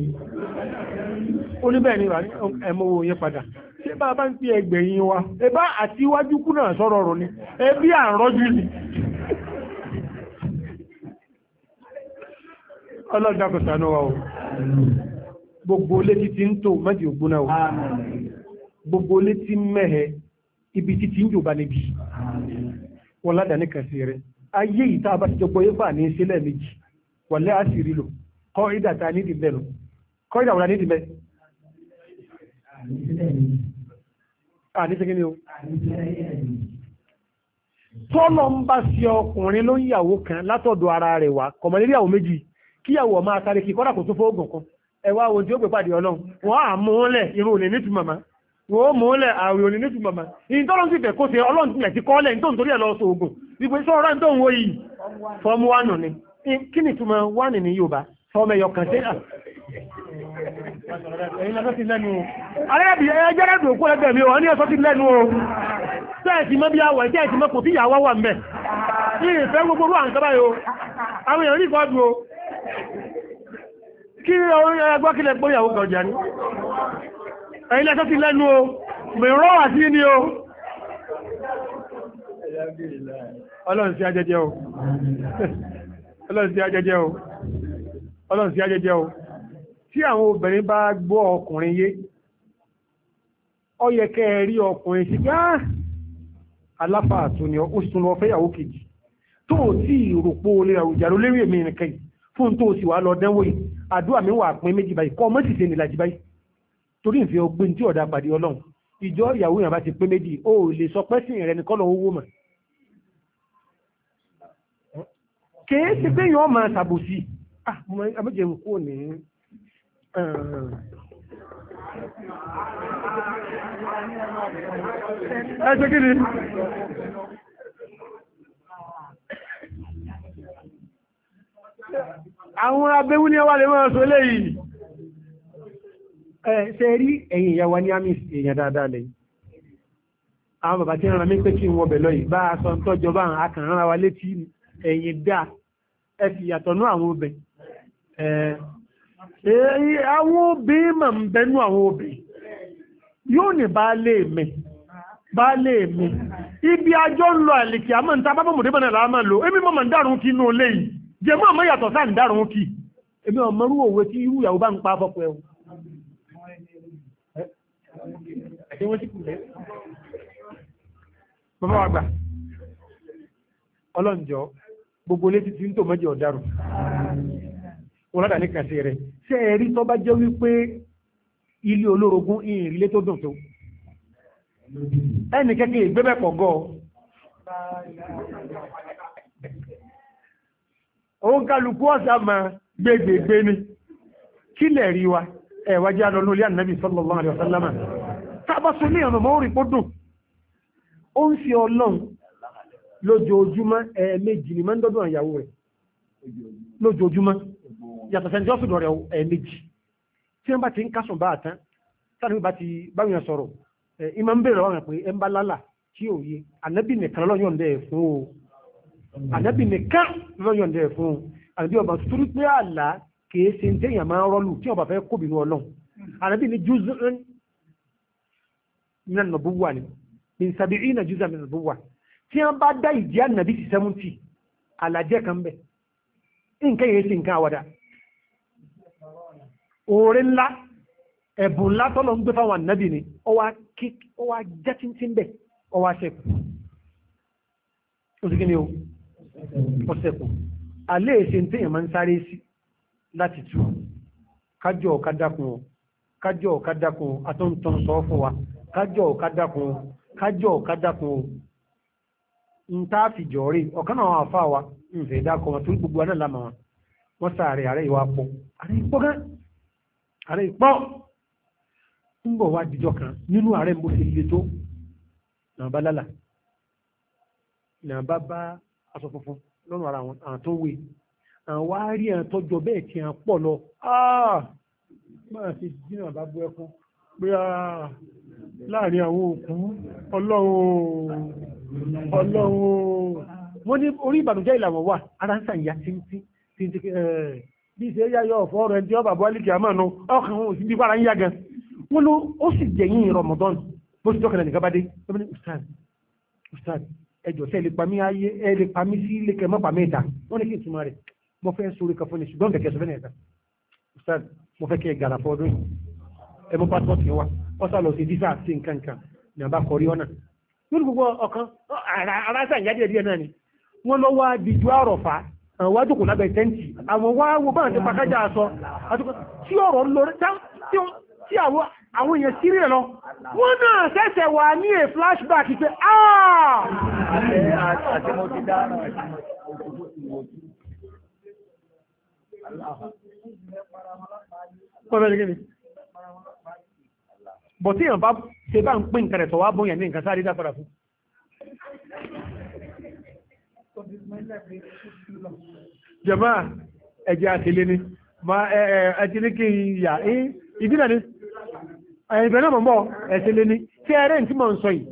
o ni beeni onye pada say maa n pie egbe wa ebe ati wa jukuna soro ro ni ebi a n roji li olodakosanowa o gbogbo ole ti ti n to meji ogbunewo gbogbo ole ti n mehe ibi ti ti n jo banebi ayé ìta abájọpọ̀ ebe ní sílẹ̀ méjì wọ̀lẹ́ àṣírí lò kọ́ ìdà ta ní ìdìbẹ̀ lò kọ́ ìdà wọ̀lá ní ìdìbẹ̀ àní kí ni o ń bá sí ọkùnrin ló ń yàwó kan látọ̀dọ̀ ara rẹ̀ wá kọ̀mọ̀lérí àwọn méjì kíyàwó ọmọ asáré kí kọ́dà kò kan wo tí ó pè pàdé ọlọ́run wọ́n á mú lẹ̀ irun òní wọ́n mú lẹ̀ òní kó ṣe ọlọ́run wípé sọ ọ̀rá tó ń wo yìí fọ́ọ̀mù wánù ni kí ni túmọ̀ wánù ní Yorùbá fọ́ọ̀mù ẹ̀yọ̀ kan sí Arẹ́bìnrin òkú ẹgbẹ̀ mi wọ́n tí ìyàwó wà mẹ́. Ní ìfẹ́ gbogbo rú ní ìfọ́dù ti lẹ́nu o ọlọ́run sí ajẹ́jẹ́ o ọlọ́run sí ajẹ́jẹ́ o ọlọ́run sí ajẹ́jẹ́ o tí àwọn obìnrin bá gbọ́ ọkùnrin yé ó yẹ kẹ́ ẹ rí ọkùnrin sí gbá ah, aláfààtò ni ó sunlọ fẹ́yàwó kejì tó tí ìròpó olè àwùjàrò lérí èmi nìkan yìí fún tó sì wá lọ dánwò yìí àdúrà mi wà pín méjì báyìí kọ́ mọ́sì se nìlàjì báyìí torí ìfẹ́ ọgbẹ́ ní tí ọ̀dà pàdé ọlọ́run ìjọ ìyàwó yàn bá ti pé méjì ó lè sọ pẹ́ sí ìrẹ́ ní kọ́lọ̀ owó mọ̀ kìí ti pé yàn máa ṣàbòsí ah, àmójẹ̀mù kò ní eh, ẹ̀ṣẹ́ kí ni àwọn abẹ́wú ní ẹwà lè máa sọ eléyìí ṣe rí ẹ̀yìn ìyàwó ní àmì èèyàn dáadáa lẹ́yìn àwọn bàbá tí ń rán pé kí n wọbẹ̀ lọ́yìn bá a sọ tọ́jọ́ bá a kàn rán wa létí ẹ̀yìn dá ẹ fi yàtọ̀ nú àwọn obẹ̀ àwọn obì mà ń bẹnu àwọn obì yóò ní baálé ibi ajọ́ ń lọ àlèkè àmọ́ ní tábà làá máa lò èmi ń dàrún kí inú yàtọ̀ sáà ń dàrún kí èmi ọ̀mọ́rú òwe tí irú ìyàwó bá ń pa ẹ̀ṣẹ́ wọ́n sì kù lẹ́ bàbá wa gbà ọlọ́njọ́ gbogbo létí tí ń tò mọ́jọ ọ̀darù ọlọ́dà ní kàṣẹ rẹ̀ ṣé ẹ rí tó bá jẹ́ wípé ilé olórogún ìrìnlẹ̀ tó dùn tó ẹnì kẹ́kẹ́ ìgbébẹ̀ pọ̀ gọ́ òun kálukú ọ̀sà ẹ̀wájú àlọ́nú ilé ànábì sallallahu alaihi wasallam tábà sọ ní ọ̀nà mọ́rin pọ́ dùn ó ń fi ọlọ́run lójoojúmọ́ ẹ̀ẹ̀mejì ni máa ń dọ́dún àyàwó rẹ̀ lójoojúmọ́ yàtọ̀ sẹ́ni jọ́sùn lọ́rẹ̀ ẹ̀ẹ̀mejì tí wọ́n bá ti ń kásùn bá àtán sáré bá ti báwọn yẹn sọ̀rọ̀ ìmọ̀ ń bèèrè wọn pé ẹ ń bá lálà tí ò yé ànábì nìkan lọ́yọ̀ ń dẹ̀ fún o ànábì nìkan lọ́yọ̀ ń dẹ̀ fún o ànábì ọba tuntun pé àlá kìí ṣe ń hmm. tẹ́yàn máa ń rọ́lù tí ọba fẹ́ kó bínú ọlọ́run hmm. àrẹ́bí ni juz'un minan nubuwwa ni min sabi'ina juz'an minan nubuwwa tí wọ́n bá dá ìdí ànàbí sí sẹ́mùtì àlàjẹ́ kan bẹ̀ nǹkan yẹn sì nǹkan àwàdà oore ńlá ẹ̀bùn ńlá tọ́lọ̀ ń gbé fáwọn ànàbí ni ọwá jẹ́ tíntín bẹ̀ ọwá ṣẹ̀kù ó sì kí ni ó ọ̀ṣẹ̀kù àlẹ́ èsè ń tẹ́yàn máa ń sáré sí láti tu kájọ ká dákun kájọ ká dákun sọ fún wa kájọ n a fìjọ rí ọ̀kan wa n fẹ́ wọn gbogbo ana lámà wọn sáré ààrẹ ìwà pọ̀ ààrẹ ìpọ́ gán ààrẹ ìpọ́ ń bọ̀ wá dìjọ kan nínú ààrẹ mo fi le tó nàbá lálà bá ara àwọn àwọn àárí ẹ̀ tọ́jọ bẹ́ẹ̀ tí a pọ̀ lọ ah! máa fi dínà bá bú ẹkún pé ah, láàrin àwọn òkú ọlọ́run ọlọ́run wọ́n ní orí ìbànújẹ́ ìlàwọ̀ wà ara ń sàyà títí títí eh, bí ìṣe yáyọ ọ̀fọ́ ọ̀rọ̀ ẹni tí ọba àbúrò alìkì àmọ́ nu ọkàn òsì bí wàrà ń yá gan wọ́n ló ó sì jẹ̀yìn Ramadan bó ti tọ́kẹ̀lẹ̀ nìkan bá dé lọ́mọ ní ustad ustad ẹjọ́ sẹ́ẹ̀ lè pa mí ayé ẹ lè pa mí sí lè kẹ́ mọ́ pa wọ́n ní kí ìtumọ̀ rẹ̀ mo fẹ́ sórí kan fún ni ṣùgbọ́n kẹ̀kẹ́ sọ fẹ́ni ẹ̀ka ustaz mo fẹ́ kí ẹ gàrà fọdún yìí ẹ mú passport yẹn wá ọ̀sán lọ sí visa sí nǹkan kan ní àbá kọrí ọ̀nà lórí gbogbo ọ̀kan aráṣà ìyá díẹ̀ díẹ̀ náà ni wọ́n lọ wá dìjú àrọ̀fà àwọn wájú kò lábẹ́ tẹ́ǹtì àwọn wá wo bá àti pàkájà aṣọ tí ọ̀rọ̀ ń lọ tí àwọn èèyàn sírí ẹ̀ lọ wọ́n náà ṣẹ̀ṣẹ̀ wà ní a flashback pé aaa ah! bọ̀tí èèyàn bá ṣe bá ń pín nǹkan rẹ̀ tọ́wá bóyàn ní nǹkan sáré dápadà fún jẹ̀má ẹ̀jẹ̀ àtìlẹ́ ni ma ẹ̀ẹ̀ẹ̀ẹ̀tì ní kí ìyà ìdínà ni ẹ̀ẹ̀bẹ̀ náà mọ̀ ẹ̀tìlẹ́ ni tí ẹ̀rẹ́ tí mọ̀ ń sọ yìí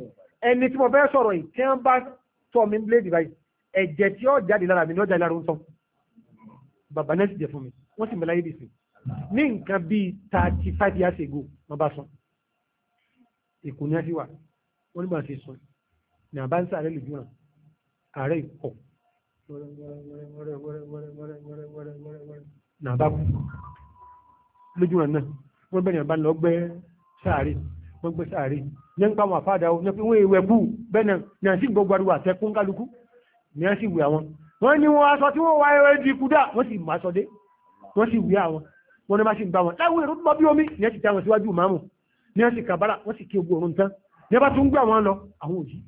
ẹni tí mo fẹ́ sọ̀rọ̀ yìí tí wọ́n bá tọ́ mi bléèdì báyìí ẹ̀jẹ̀ tí ó jáde lára mi ní ó jáde lára ń sọ bàbá náà ti jẹ fún mi wọ́n sì mẹ́láyé dìsìn ní nǹkan bíi thirty five years ago wọ́n bá sùn èkó ní àti wà wọ́n ní bá ṣe sùn ní àbá ń sáré lójú ràn ààrẹ ìkọ̀ ní àbá kú lójú ràn náà wọ́n bẹ̀rẹ̀ àbá lọ gbẹ́ sáàrí wọ́n gbẹ́ sáàrí ní ń pa àwọn àfáàdà ó ní wọ́n èwẹ̀ bú bẹ́ẹ̀ náà ní àti gbogbo àdúgbò àtẹkùn kálukú ní àti ìwé àwọn wọ́n ní wọn aṣọ tí wọ́n wá ẹrẹ di ikú dá wọ́n sì máa sọdé wọ́n sì wí àwọn wọ́n ní máa ṣe ń bá wọn láwọn èrò tó bí omi ní ẹ ti tẹ àwọn síwájú màmù ní ẹ sì kàbárà wọ́n sì kí ogun ọ̀run tán ní ẹ bá tún gbà wọn lọ àwọn òjì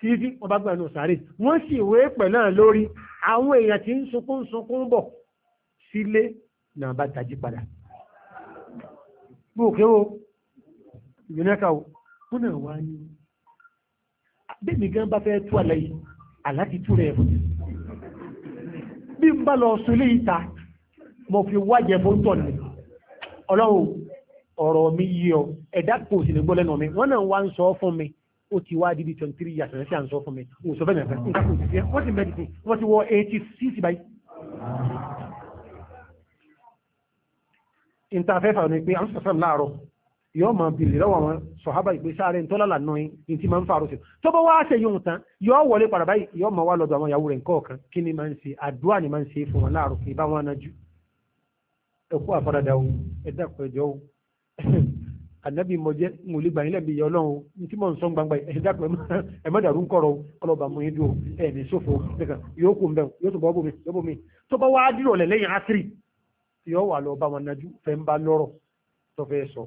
títí tí wọ́n bá gbà náà sáré wọ́n sì wé pẹ̀ náà lórí àwọn èèyàn tí ń sunkún sunkún bọ̀ sílé náà bá tají padà gbòkè o ìgbìnẹ́ka bí n bá lọ sílé ìta mo fi wájẹ̀ fún tọ̀ ní ọlọ́run ọ̀rọ̀ mi yí ọ ẹ̀dá kò sì ní gbọ́ mi wọ́n náà wá ń sọ fún mi ó ti wá di bí twenty three years ẹ̀sẹ̀ à ń sọ fún mi wò sọ fẹ́ẹ̀ fẹ́ẹ́ nǹkan kò sì fẹ́ wọ́n ti mẹ́rin sí wọ́n ti wọ eighty six báyìí. ìntàfẹ́fà ni pé àwọn sọ̀sọ̀ láàárọ̀ yóò máa bìlì lọ́wọ́ àwọn sọ̀hábà ìgbésà rẹ̀ ntọ́lá lànà yín tí máa ń fa àròsẹ̀ tó bá wá ṣe yóò tán yóò wọlé padà báyìí yóò máa wá lọ́dọ̀ àwọn ìyàwó rẹ̀ nǹkan ọ̀kan kí ni máa ń ṣe àdúrà ni máa ń ṣe fún wọn láàrọ̀ kí bá wọn náà jù ẹkú àfaradà o ẹdá pẹjọ o ànábì mọjẹ mọlẹ gbà nílẹ̀ bí Ọlọ́run o tí mò ń sọ gbangba ẹdá pẹ ẹ má dàrú nkọrọ ọlọba mo yín dúró ẹ sófo nìkan yóò kú mbẹ yóò tún bọ bómi yóò bómi tó bá wá dúró lẹ asiri yóò wà lọ bá wọn náà fẹ ń bá lọ́rọ̀ tó fẹ sọ.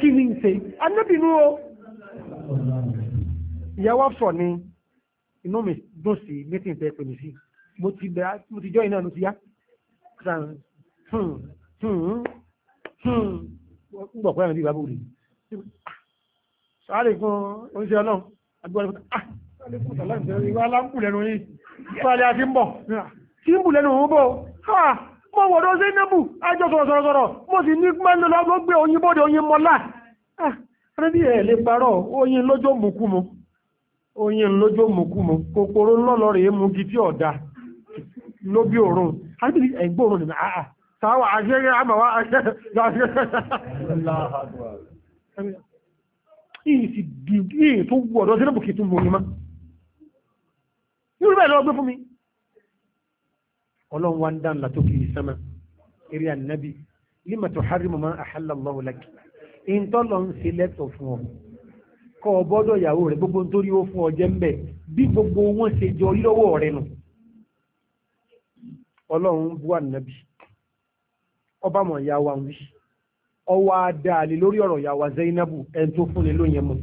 kí ni ń ṣe anábìnú o ìyàwó sọ ni inú mi dùn sí mítìn tẹ́ pè mí sí mo ti bẹ̀rẹ̀ mo ti jọ iná ló ti yá gbọ̀ pẹ́rẹ̀ bí ìbábò rẹ̀ sáré fún oúnjẹ ọlọ́run agbọ́n ìfẹ́ ah ìwà aláǹkù lẹ́nu yìí ìfẹ́ alẹ́ àti ń bọ̀ tí ń bù lẹ́nu òun bọ̀ ah mo wọ̀dọ̀ Zainabu ajọ́ sọ̀rọ̀sọ̀rọ̀ mo sì ní mẹ́lẹ́lọ́ ló oyin bọ́dẹ̀ oyin mọ́lá rẹ́bí ah, ẹ̀ lè parọ́ oyin lójó mùkú mu oyin lójó mùkú mu kòkòrò lọ́lọ́ rẹ̀ mú ha tí ọ̀dà ló ha àti ẹ̀gbọ́n òórùn ha àà ha ha àmàwà ha ha ọlọ́run wa ń dá ńlá tó kì sánmà eré ànábì lima tuharrimu ma ahalla Allahu laki ìntọ́lọ̀ ń ṣe lẹ́tọ̀ fún ọ kọ́ ọ bọ́dọ̀ ìyàwó rẹ̀ gbogbo nítorí ó fún ọ jẹ́ ń bẹ̀ bí gbogbo wọn ṣe jọ lọ́wọ́ rẹ̀ nù ọlọ́run bú ànábì ọba mọ̀ ìyá wa ń wí ọwọ́ adáàlè lórí ọ̀rọ̀ ìyá wa Zainabu ẹni tó fún ni lóyún mọ́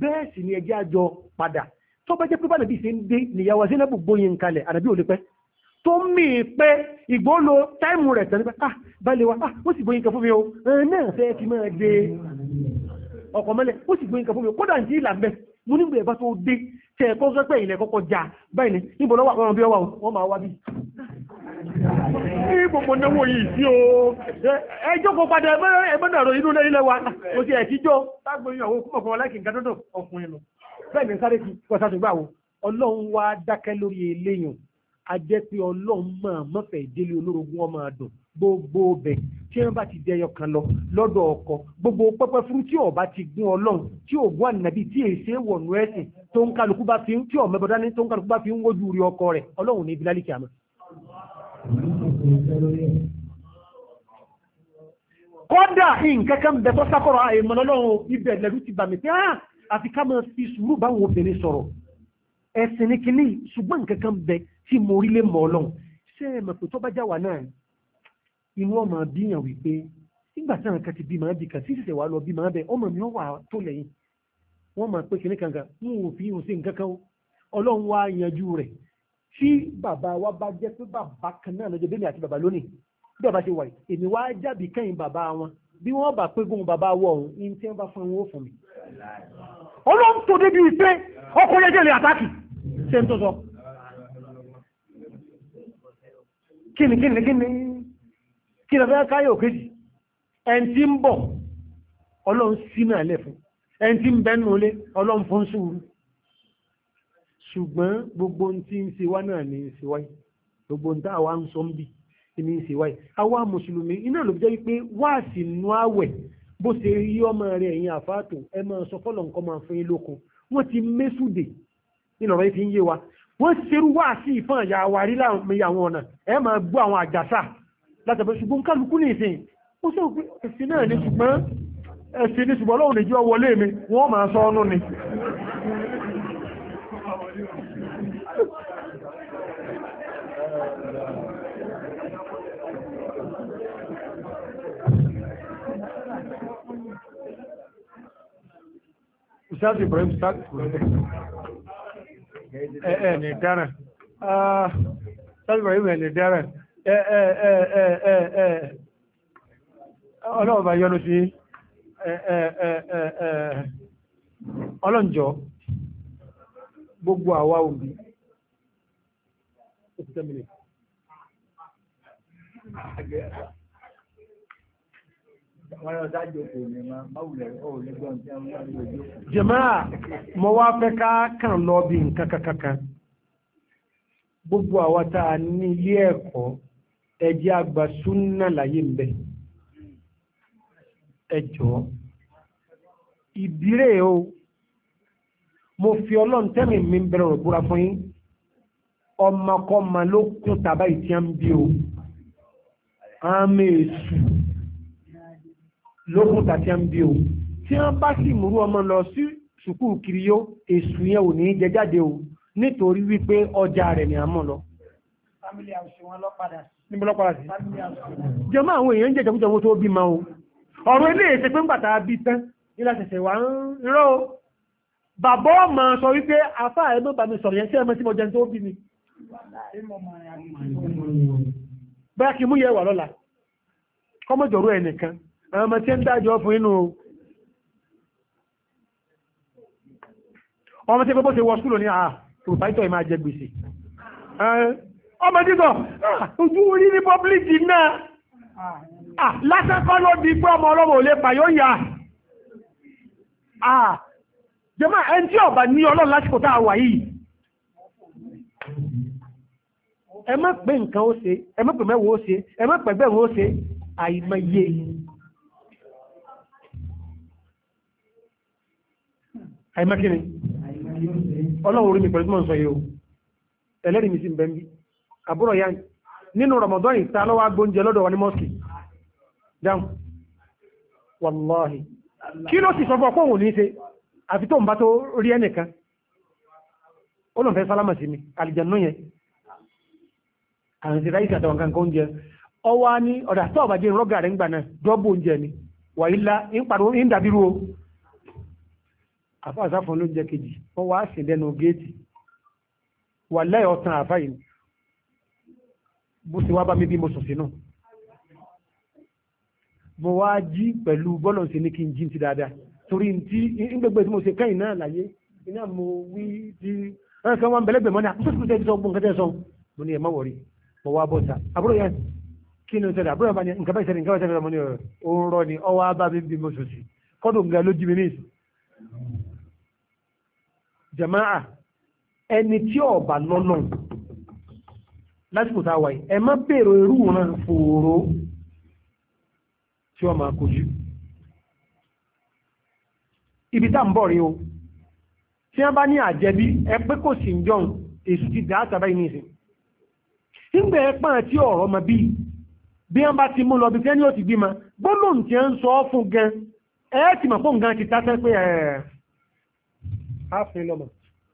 bẹ́ẹ̀ sì ni ẹjẹ́ àjọ padà tó bá jẹ́ pé bá nàbí ṣe ń dé nìyá wa Zainabu gbóyin kalẹ̀ àdàbí ò lè pẹ́ tó mì í pé ìgbólo táìmù rẹ̀ tẹ̀lé pé ah balẹ̀ ah ó sì gbóyin kan fún mi o ẹ̀rìn náà fẹ́ ti máa de ọkọ̀ mẹ́lẹ̀ ó sì gbóyin kan fún mi o kódà ní ìlà mbẹ́ mo nígbà ẹ̀bá tó dé tẹ̀ ẹ̀kọ́ sọ pé ilẹ̀ kọ́kọ́ jà báyìí ni níbo lọ́wọ́ àwọn ọmọ bí ọwà wọn máa wá bí. ní gbogbo náwó yìí sí o ẹ jókòó padà ẹgbẹ́ náà ròyìn lórí ilẹ̀ wa o ti ẹ̀kí jó tágbóyún àwọn okùnmọ̀ kan láìkí nǹkan dọ́dọ̀ ọkùnrin lọ bẹ́ẹ̀ ni sáré kí wọ́n sá ajẹ́ pé ọlọ́run máa mọ́fẹ́ ìdílé olórogún ọmọ àdùn gbogbo ọbẹ̀ tí wọ́n bá ti dẹyọ kan lọ lọ́dọ̀ ọkọ gbogbo pẹpẹ furu tí ọba ti gbin ọlọ́run tí ògùn ànàbí tí èsè wọ̀nù ẹ̀sìn tó ń kálukú bá fi ń tí ọmọ ẹbọdá ní tó ń kálukú bá fi ń wojú rí ọkọ rẹ̀ ọlọ́run ní ibilálì kìámà. kódà nǹkan kan bẹ̀ tó sákọ̀rọ̀ àìmọ́ lọ́lọ́run ibẹ̀ lẹ́rú ti bà mí pé ah, àfi ká máa fi sùúrù báwọn obìnrin sọ̀rọ̀ ẹ̀sìn ní kínní ṣùgbọ́n nǹkan kan bẹ tí mo rí lé mọ́ ọlọ́run ṣé ẹ mọ̀ pé tó bá já wà náà inú ọmọ bíyàn wípé nígbà tí àwọn kan ti bí màá bì kan sí ìṣẹ̀ṣẹ̀ wà lọ bí màá bẹ ọmọ mi wà tó lẹ́yìn wọ́n máa pé kínní kankan n ò fi hùn ọlọ́run wá yanjú rẹ̀ tí bàbá wa bá jẹ́ pé bàbá kan náà lọ́jọ́ bẹ́ẹ̀ àti bàbá lónìí bí bàbá ṣe wà yìí èmi wá jábì kẹ́yìn bàbá wọn bí wọ́n bá pé gómìn bàbá wọ ọ̀hún ní tí wọ́n bá fún wọn ó fún mi. ọlọ́run tó débi pé ọkọ̀ yẹn jẹ́lẹ̀ àtàkì ṣe ń tó sọ kíni kíni kíni kí lọ fẹ́ káyọ̀ kejì ẹni tí ń bọ̀ ọlọ́run sí náà lẹ̀ fún ẹni tí ń bẹ́nu olé ọlọ́run fún sùúrù ṣùgbọ́n gbogbo tí ń ṣe wá náà ní ṣe wáyé gbogbo ohun tá àwa ń sọ ń bì ní ṣe wáyé àwa mùsùlùmí iná ló jẹ́ wípé wáàsì nú àwẹ̀ bó ṣe rí ọmọ rẹ̀ ẹ̀yìn àfáàtò ẹ máa sọ fọ́lọ̀ nǹkan máa fún yín lókun wọ́n ti mẹ́sùdè ìlọ̀rọ̀ ìfi ń yé wa wọ́n ṣerú wá sí ìfọn ìyá wa rí láwọn ọ̀nà ẹ máa gbọ́ àwọn àjàsà látàbẹ̀ ṣùgbọ́n kálukú ní ìsìn ó sọ pé ẹ̀sìn náà ní ṣùgbọ́n ẹ̀sìn ní ṣùgbọ́n lọ́wọ́n ìjọ wọlé mi wọ́n máa sọ ọ́nú ni Ìṣáàtì Ibrahim Sáàtì ẹ ní dáràn sọ́dọ̀ ibrahim ẹ ní dáràn ẹ ẹ ẹ ẹ ẹ ẹ ọlọ́ọ̀bá yọ́nú eh, eh, eh, ọlọ́njọ́ gbogbo àwa òbí Thank you. jẹ̀máà mo wá fẹ́ ká kàn lọ bí nǹkan kankan gbogbo àwa a ní ilé ẹ̀kọ́ ẹjẹ́ àgbà súnà láyé ń bẹ ẹjọ́ ìbírè o mo fi ọlọ́run tẹ́mi mi bẹ̀rẹ̀ òbúra fún yín ọmọkọ́mọ ló kún tàbá ìtí ń bí o àmì èṣù lókùn tàbí à ń bí o tí wọ́n bá sì múrú ọmọ lọ sí sùkúù kiri yó èsù yẹn ò ní jẹ jáde o nítorí wípé ọjà rẹ̀ ni a mọ̀ lọ. family house wọn lọ padà sí. níbo lọ padà sí. family house. jọmọ àwọn èèyàn ń jẹjọ kújọ owó tó bí ma o ọ̀rọ̀ eléyìí ṣe pé ń bàtà bí tán nílá ṣẹ̀ṣẹ̀ wà ń rọ o bàbá ọmọ sọ wípé afá ẹ ló sọ̀rọ̀ yẹn sí ẹmọ tí mo jẹun tó bí mi. bẹ́ẹ̀ kí mú yẹ wà lọ́la kọ́mọ̀jọ̀rú ẹnìkan ọmọ tí ń dájọ́ fún inú ọmọ tí gbogbo ṣe wọ skúlò ní àà pòfáìtọ̀ ìmá jẹ gbèsè ọmọ dígọ̀ ah, ojú orí ní pọ́blìkì náà ah, lásẹ́kọ́ ló di pé ọmọ ọlọ́mọ olè pàyó yà ah, jẹ́mọ́ ẹni tí ọba ní ọlọ́run lásìkò tá a wà yìí ẹ má pè nǹkan ó ṣe ẹ má pè mẹ́wàá ó ṣe ẹ má pẹ̀gbẹ̀rún ó ṣe àìmọye àìmọ́kíni ọlọ́run orí mi pẹ̀lú mọ́ sọ o ẹlẹ́rìí mi sì ń bẹ́ẹ̀ bí àbúrò yá nínú Ramadan ìta lọ́wọ́ agbóúnjẹ lọ́dọ̀ wa ní mọ́sìkì dáhùn wàláhì kí ló sì sọ fún ọkọ̀ òun ní ṣe àfi tó ń bá tó rí ẹnìkan ó lọ́n fẹ́ sálámà sí mi àlìjànú yẹn àrùn ti ráìsì àtàwọn kan kan oúnjẹ ọwọ́ á ní ọ̀dà tó ọ̀bàjẹ́ ìrọ́gà rẹ̀ ń gbà náà dọ́bù oúnjẹ ni wàyí lá àfáàsá fún ló jẹ kejì wọ́n wá sí lẹ́nu géètì wà lẹ́yìn ọ̀tàn àfá yìí bó ti wá bá mi bí mo sùn sínú mo wá jí pẹ̀lú bọ́lọ̀ sí ní kí n jí ti dáadáa torí tí ń gbẹgbẹ tí mo ṣe kẹ́yìn náà láyé iná mo wí tí ẹnì kan wá ń bẹ̀lẹ́gbẹ̀ mọ́ ní àkóso tí mo gbọ́n kẹ́tẹ́ sọ mo ní ẹ̀ má wọ̀rí mo wá bọ́ sa àbúrò yẹn kí ni o ṣẹlẹ̀ àbúrò yẹn bá ní nǹkan bá ìṣẹ̀lẹ̀ nǹkan bá ìṣẹ̀lẹ̀ mo ní ọ̀rọ̀ jama'a ẹni tí ọba lọ́nà lásìkò tá a wáyé ẹ má bèrò irú ìran fòòró tí wọ́n máa kojú ibi tá ń bọ̀ rí o tí wọ́n bá ní àjẹbí ẹ pé kò sí john èsù ti dá àtàbá yìí nìyí nígbà ẹ àti ọ̀rọ̀ ọmọ bíi bí wọ́n bá ti mú lọ bí sẹ́ni ó ti bímọ gbólóhùn tí wọ́n ń sọ fún gan ẹ ti mọ̀ fóun gan ti tá pé ẹ̀ẹ́ àfin lọ́mọ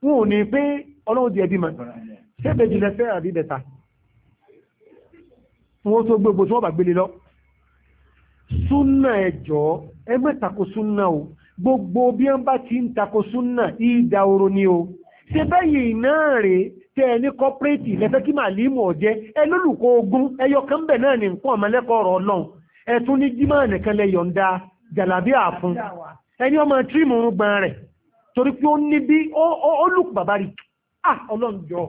wọn ò ní pé ọlọ́run ti ẹbí mọ̀ ṣébèjì àbí bẹ̀ta wọn tó gbogbo tí wọ́n gbélé ẹgbẹ́ tako súnà o gbogbo bí wọ́n bá ti ń tako súnà ìdá oró ni o ṣe báyìí náà rè tẹ ẹni lẹ́fẹ́ kí màá lè mọ̀ jẹ́ ẹ lólùkọ́ ogun ẹyọ kan bẹ̀ náà ní nǹkan torí pé ó ní bí ó lùk bàbá rí ah ọlọ́njọ́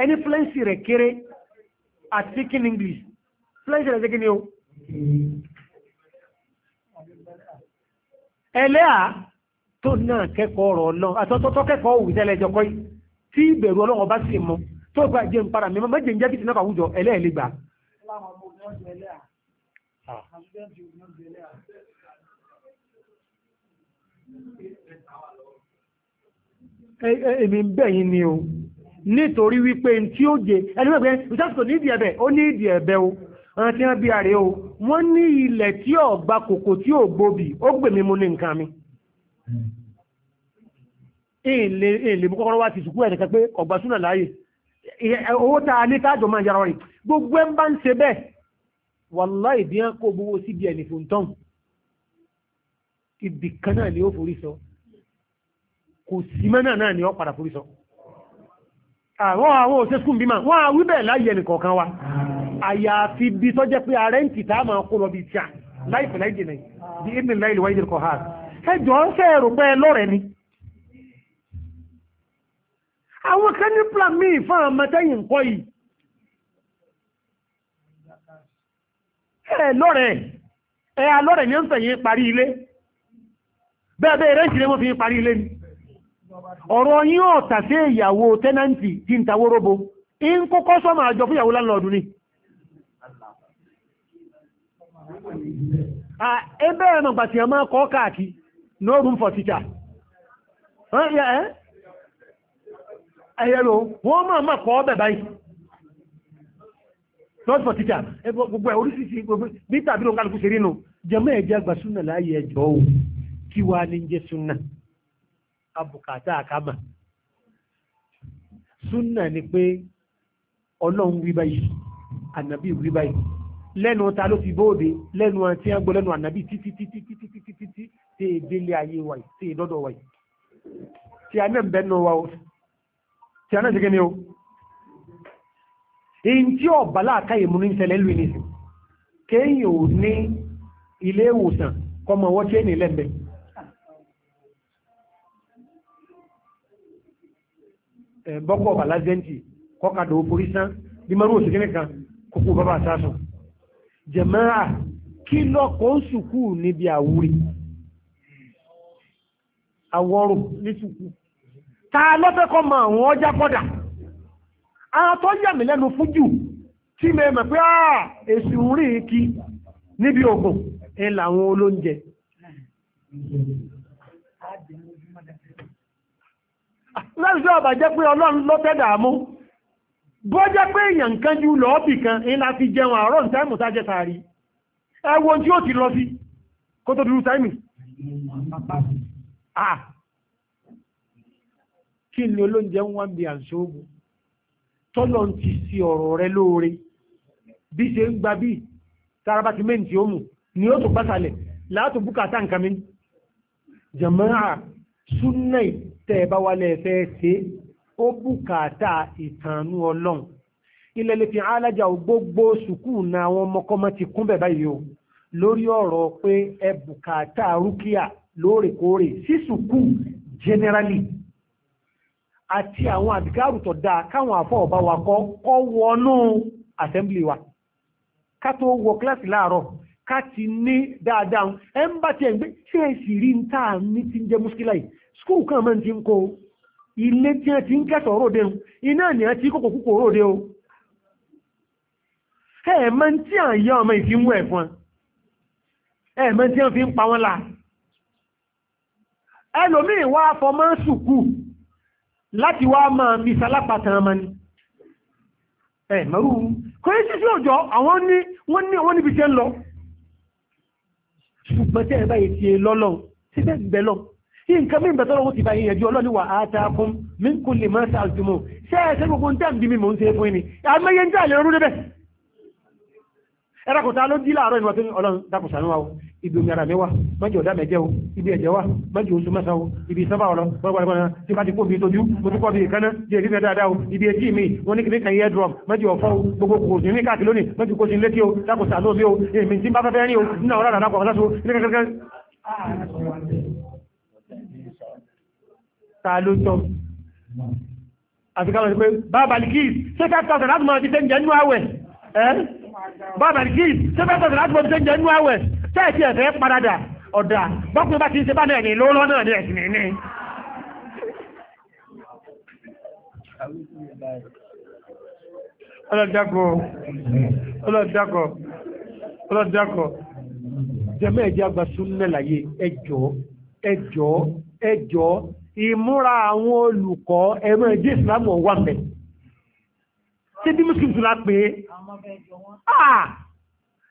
ẹni flensi rẹ̀ kéré at speaking English flensi rẹ̀ kéré o ẹlẹ́à tó náà kẹ́kọ̀ọ́ ọ̀rọ̀ ọlọ́run àtọ́tọ́tọ́ kẹ́kọ̀ọ́ òwú tẹ́lẹ̀ ẹjọ́kọ́ tí ìbẹ̀rù ọlọ́run ọba sì mú tó gba jẹun para mi mẹ́jẹ̀ ń jẹ́ kìtì náà fàwùjọ ẹlẹ́ẹ̀lẹ́gbà. èmi ń bẹ̀ yín o nítorí wípé tí ó jẹ ẹni wípé ìsásùkò ní ìdí ẹ̀bẹ̀ ó o ọ̀nà tí wọ́n o wọ́n ní ilẹ̀ tí ọ̀gbà kòkò tí ò gbòbì ó gbè mí mú ní nǹkan mi èlè mú kọ́kọ́rọ́ wá ti sùkú ẹ̀nìkan pé ọ̀gbà súnà láàyè owó gbogbo ẹ̀ ń bá ń ṣe bẹ́ẹ̀ ibì kan náà ni ó forí sọ kò sí mẹ́nà náà ni ó padà forí sọ àwọn àwọn òṣèṣkùn bímọ wọ́n a wíbẹ̀ láyé ẹnì kọ̀ọ̀kan wa àyàfi bí tó jẹ́ pé ààrẹ ń tì tá a kó lọ bí tíà láìpẹ́ láì ẹ lọ́rẹ̀ ni àwọn kan ní plan míì fún àwọn mẹtẹ́yìn nǹkọ́ alọ́rẹ̀ ni ó ń tẹ̀yìn parí ilé bẹ́ẹ̀bẹ́ rẹ́ǹtì ni wọ́n fi parí ilé ọ̀rọ̀ yín ò ìyàwó tẹ́nàntì tí ń tawó róbo in kókó sọ́mà àjọ fún ìyàwó ni ebe ẹ̀nà ma kọ́ káàkì no room for teacher wọ́n máa máa kọ́ bẹ̀ báyìí kí wá ní jẹ́ súnà abùkátà àkámà súnà ni pé ọlọ́run wí báyìí ànàbí wí báyìí lẹ́nu ta ló fi bóde lẹ́nu àti ẹgbẹ́ lẹ́nu ànàbí títí títí títí títí títí tí ìdílé ayé wa yìí tí ìdọ́dọ̀ wa yìí tí a náà bẹ́ẹ̀ nù wa o tí a náà ṣe kí ni o èyí tí ọ̀bà láàkáyè mú ní ìṣẹ̀lẹ̀ lónìí kéèyàn ò ní ilé ìwòsàn kọmọ wọ́n tí ènìyàn lẹ́gbẹ̀ẹ́ bọ́kọ̀ ọ̀bà lásẹ́ǹtì kọ́kadà sán bí mọ́rún òsì kan kókó bàbá sásùn jẹ̀máà kí lọ́kọ̀ ń sùkú níbi àwúrí àwọ̀rù ní sùkú ta lọ́fẹ́kọ́ mọ àwọn ọjà pọ́dà àwọn tó lẹ́nu fújù tí pé èsì ń láìsí ọba jẹ́ pé ọlọ́run ló tẹ́dà mú bó jẹ́ pé èèyàn nǹkan ju lọ́ọ̀bì kan ńlá fi jẹun àárọ̀ ìtẹ́mù sájẹ́ tààrí ẹwọ tí ó ti lọ sí kó tó dúró sáìmì ah! kí ni olóúnjẹ ń wá ń àṣóògùn tọ́lọ̀ ti sí ọ̀rọ̀ rẹ lóore bí ṣe ń gba bí taraba ti méǹtì ó mù ni ó tó gbásàlẹ̀ látò búkátà nǹkan mi jàmáà tẹ́ ẹ bá wálẹ̀ o ṣe ó bùkátà ìtànú ọlọ́run ilẹ̀ lè fi alájà gbogbo na àwọn ọmọkọ́mọ́ ti kún bẹ̀ báyìí o lórí ọ̀rọ̀ pé ẹ bùkátà rúkìá lóòrèkóòrè sí jenerali generally àti àwọn àdìgárù k'awọn afọ káwọn àfọ́ ọ̀bá wa wa ká wọ kíláàsì ti ní dáadáa ẹ ń bá tiẹ̀ gbé ṣé èsì skúù kan mọ́ ti ń kó ilé tí wọ́n ti ń kẹ́tọ̀ róde o iná ni a ti kòkò kúkò róde o ẹ̀ẹ̀mọ́ tí à ń yá ọmọ ìfimú ẹ̀fọn ẹ̀ẹ̀mọ́ tí wọ́n fi ń pa wọ́n la ẹlòmíì wá fọmọ́ sùkú láti wá máa fi salápàtàn ọmọ ni ẹ̀ẹ̀mọ́rú kò ní sísí òjò àwọn ní wọ́n níbi tí ń lọ ṣùgbọ́n tẹ́ ẹ̀ báyìí ti lọ́lọ́ nǹkan mìíràn tọ́lọ́ ó ti bá yẹn yẹjú ọlọ́ni wà á ta fún mí kò lè máa ta àjùmọ̀ ṣé ẹ ṣe gbogbo nǹkan bí mi mò ń ṣe fún ẹni àmọ́yé ń tà lè rú débẹ̀. ẹ̀rọ kò ta ló dí láàárọ̀ ìwà tó ní ọlọ́run dákùsà ní wa o ibi omi ara mi wa mọ́jọ ọ̀dá mẹ́jẹ o ibi ẹ̀jẹ̀ wa mọ́jọ oṣù mẹ́sàn o ibi sábà ọ̀rọ̀ gbọ́dọ̀gbọ́dọ̀ tí bá ti kó ta ló tọ́ àfikà lọ́sí pé bábàlìkì sẹ́kàtọ̀sẹ̀ láti mọ̀ ti tẹ́ jẹ́ nú àwẹ̀ ẹ́ bábàlìkì sẹ́kàtọ̀sẹ̀ láti mọ̀ ti tẹ́ jẹ́ nú àwẹ̀ tẹ́ẹ̀tì ẹ̀fẹ́ paradà ọ̀dà bọ́kùn bá ti ń ṣe bá náà ní lọ́lọ́ náà ní ẹ̀sìn ní ọlọ́dàkọ̀ ọlọ́dàkọ̀ ọlọ́dàkọ̀ jẹ́mẹ́ ẹ̀jẹ̀ àgbà súnmẹ́ láyé ìmúra àwọn olùkọ́ ẹ̀mọ́ ẹ̀jẹ́ ìsìlámù ọ̀wà mẹ́ ṣé bí muslim tó lápé àà ah!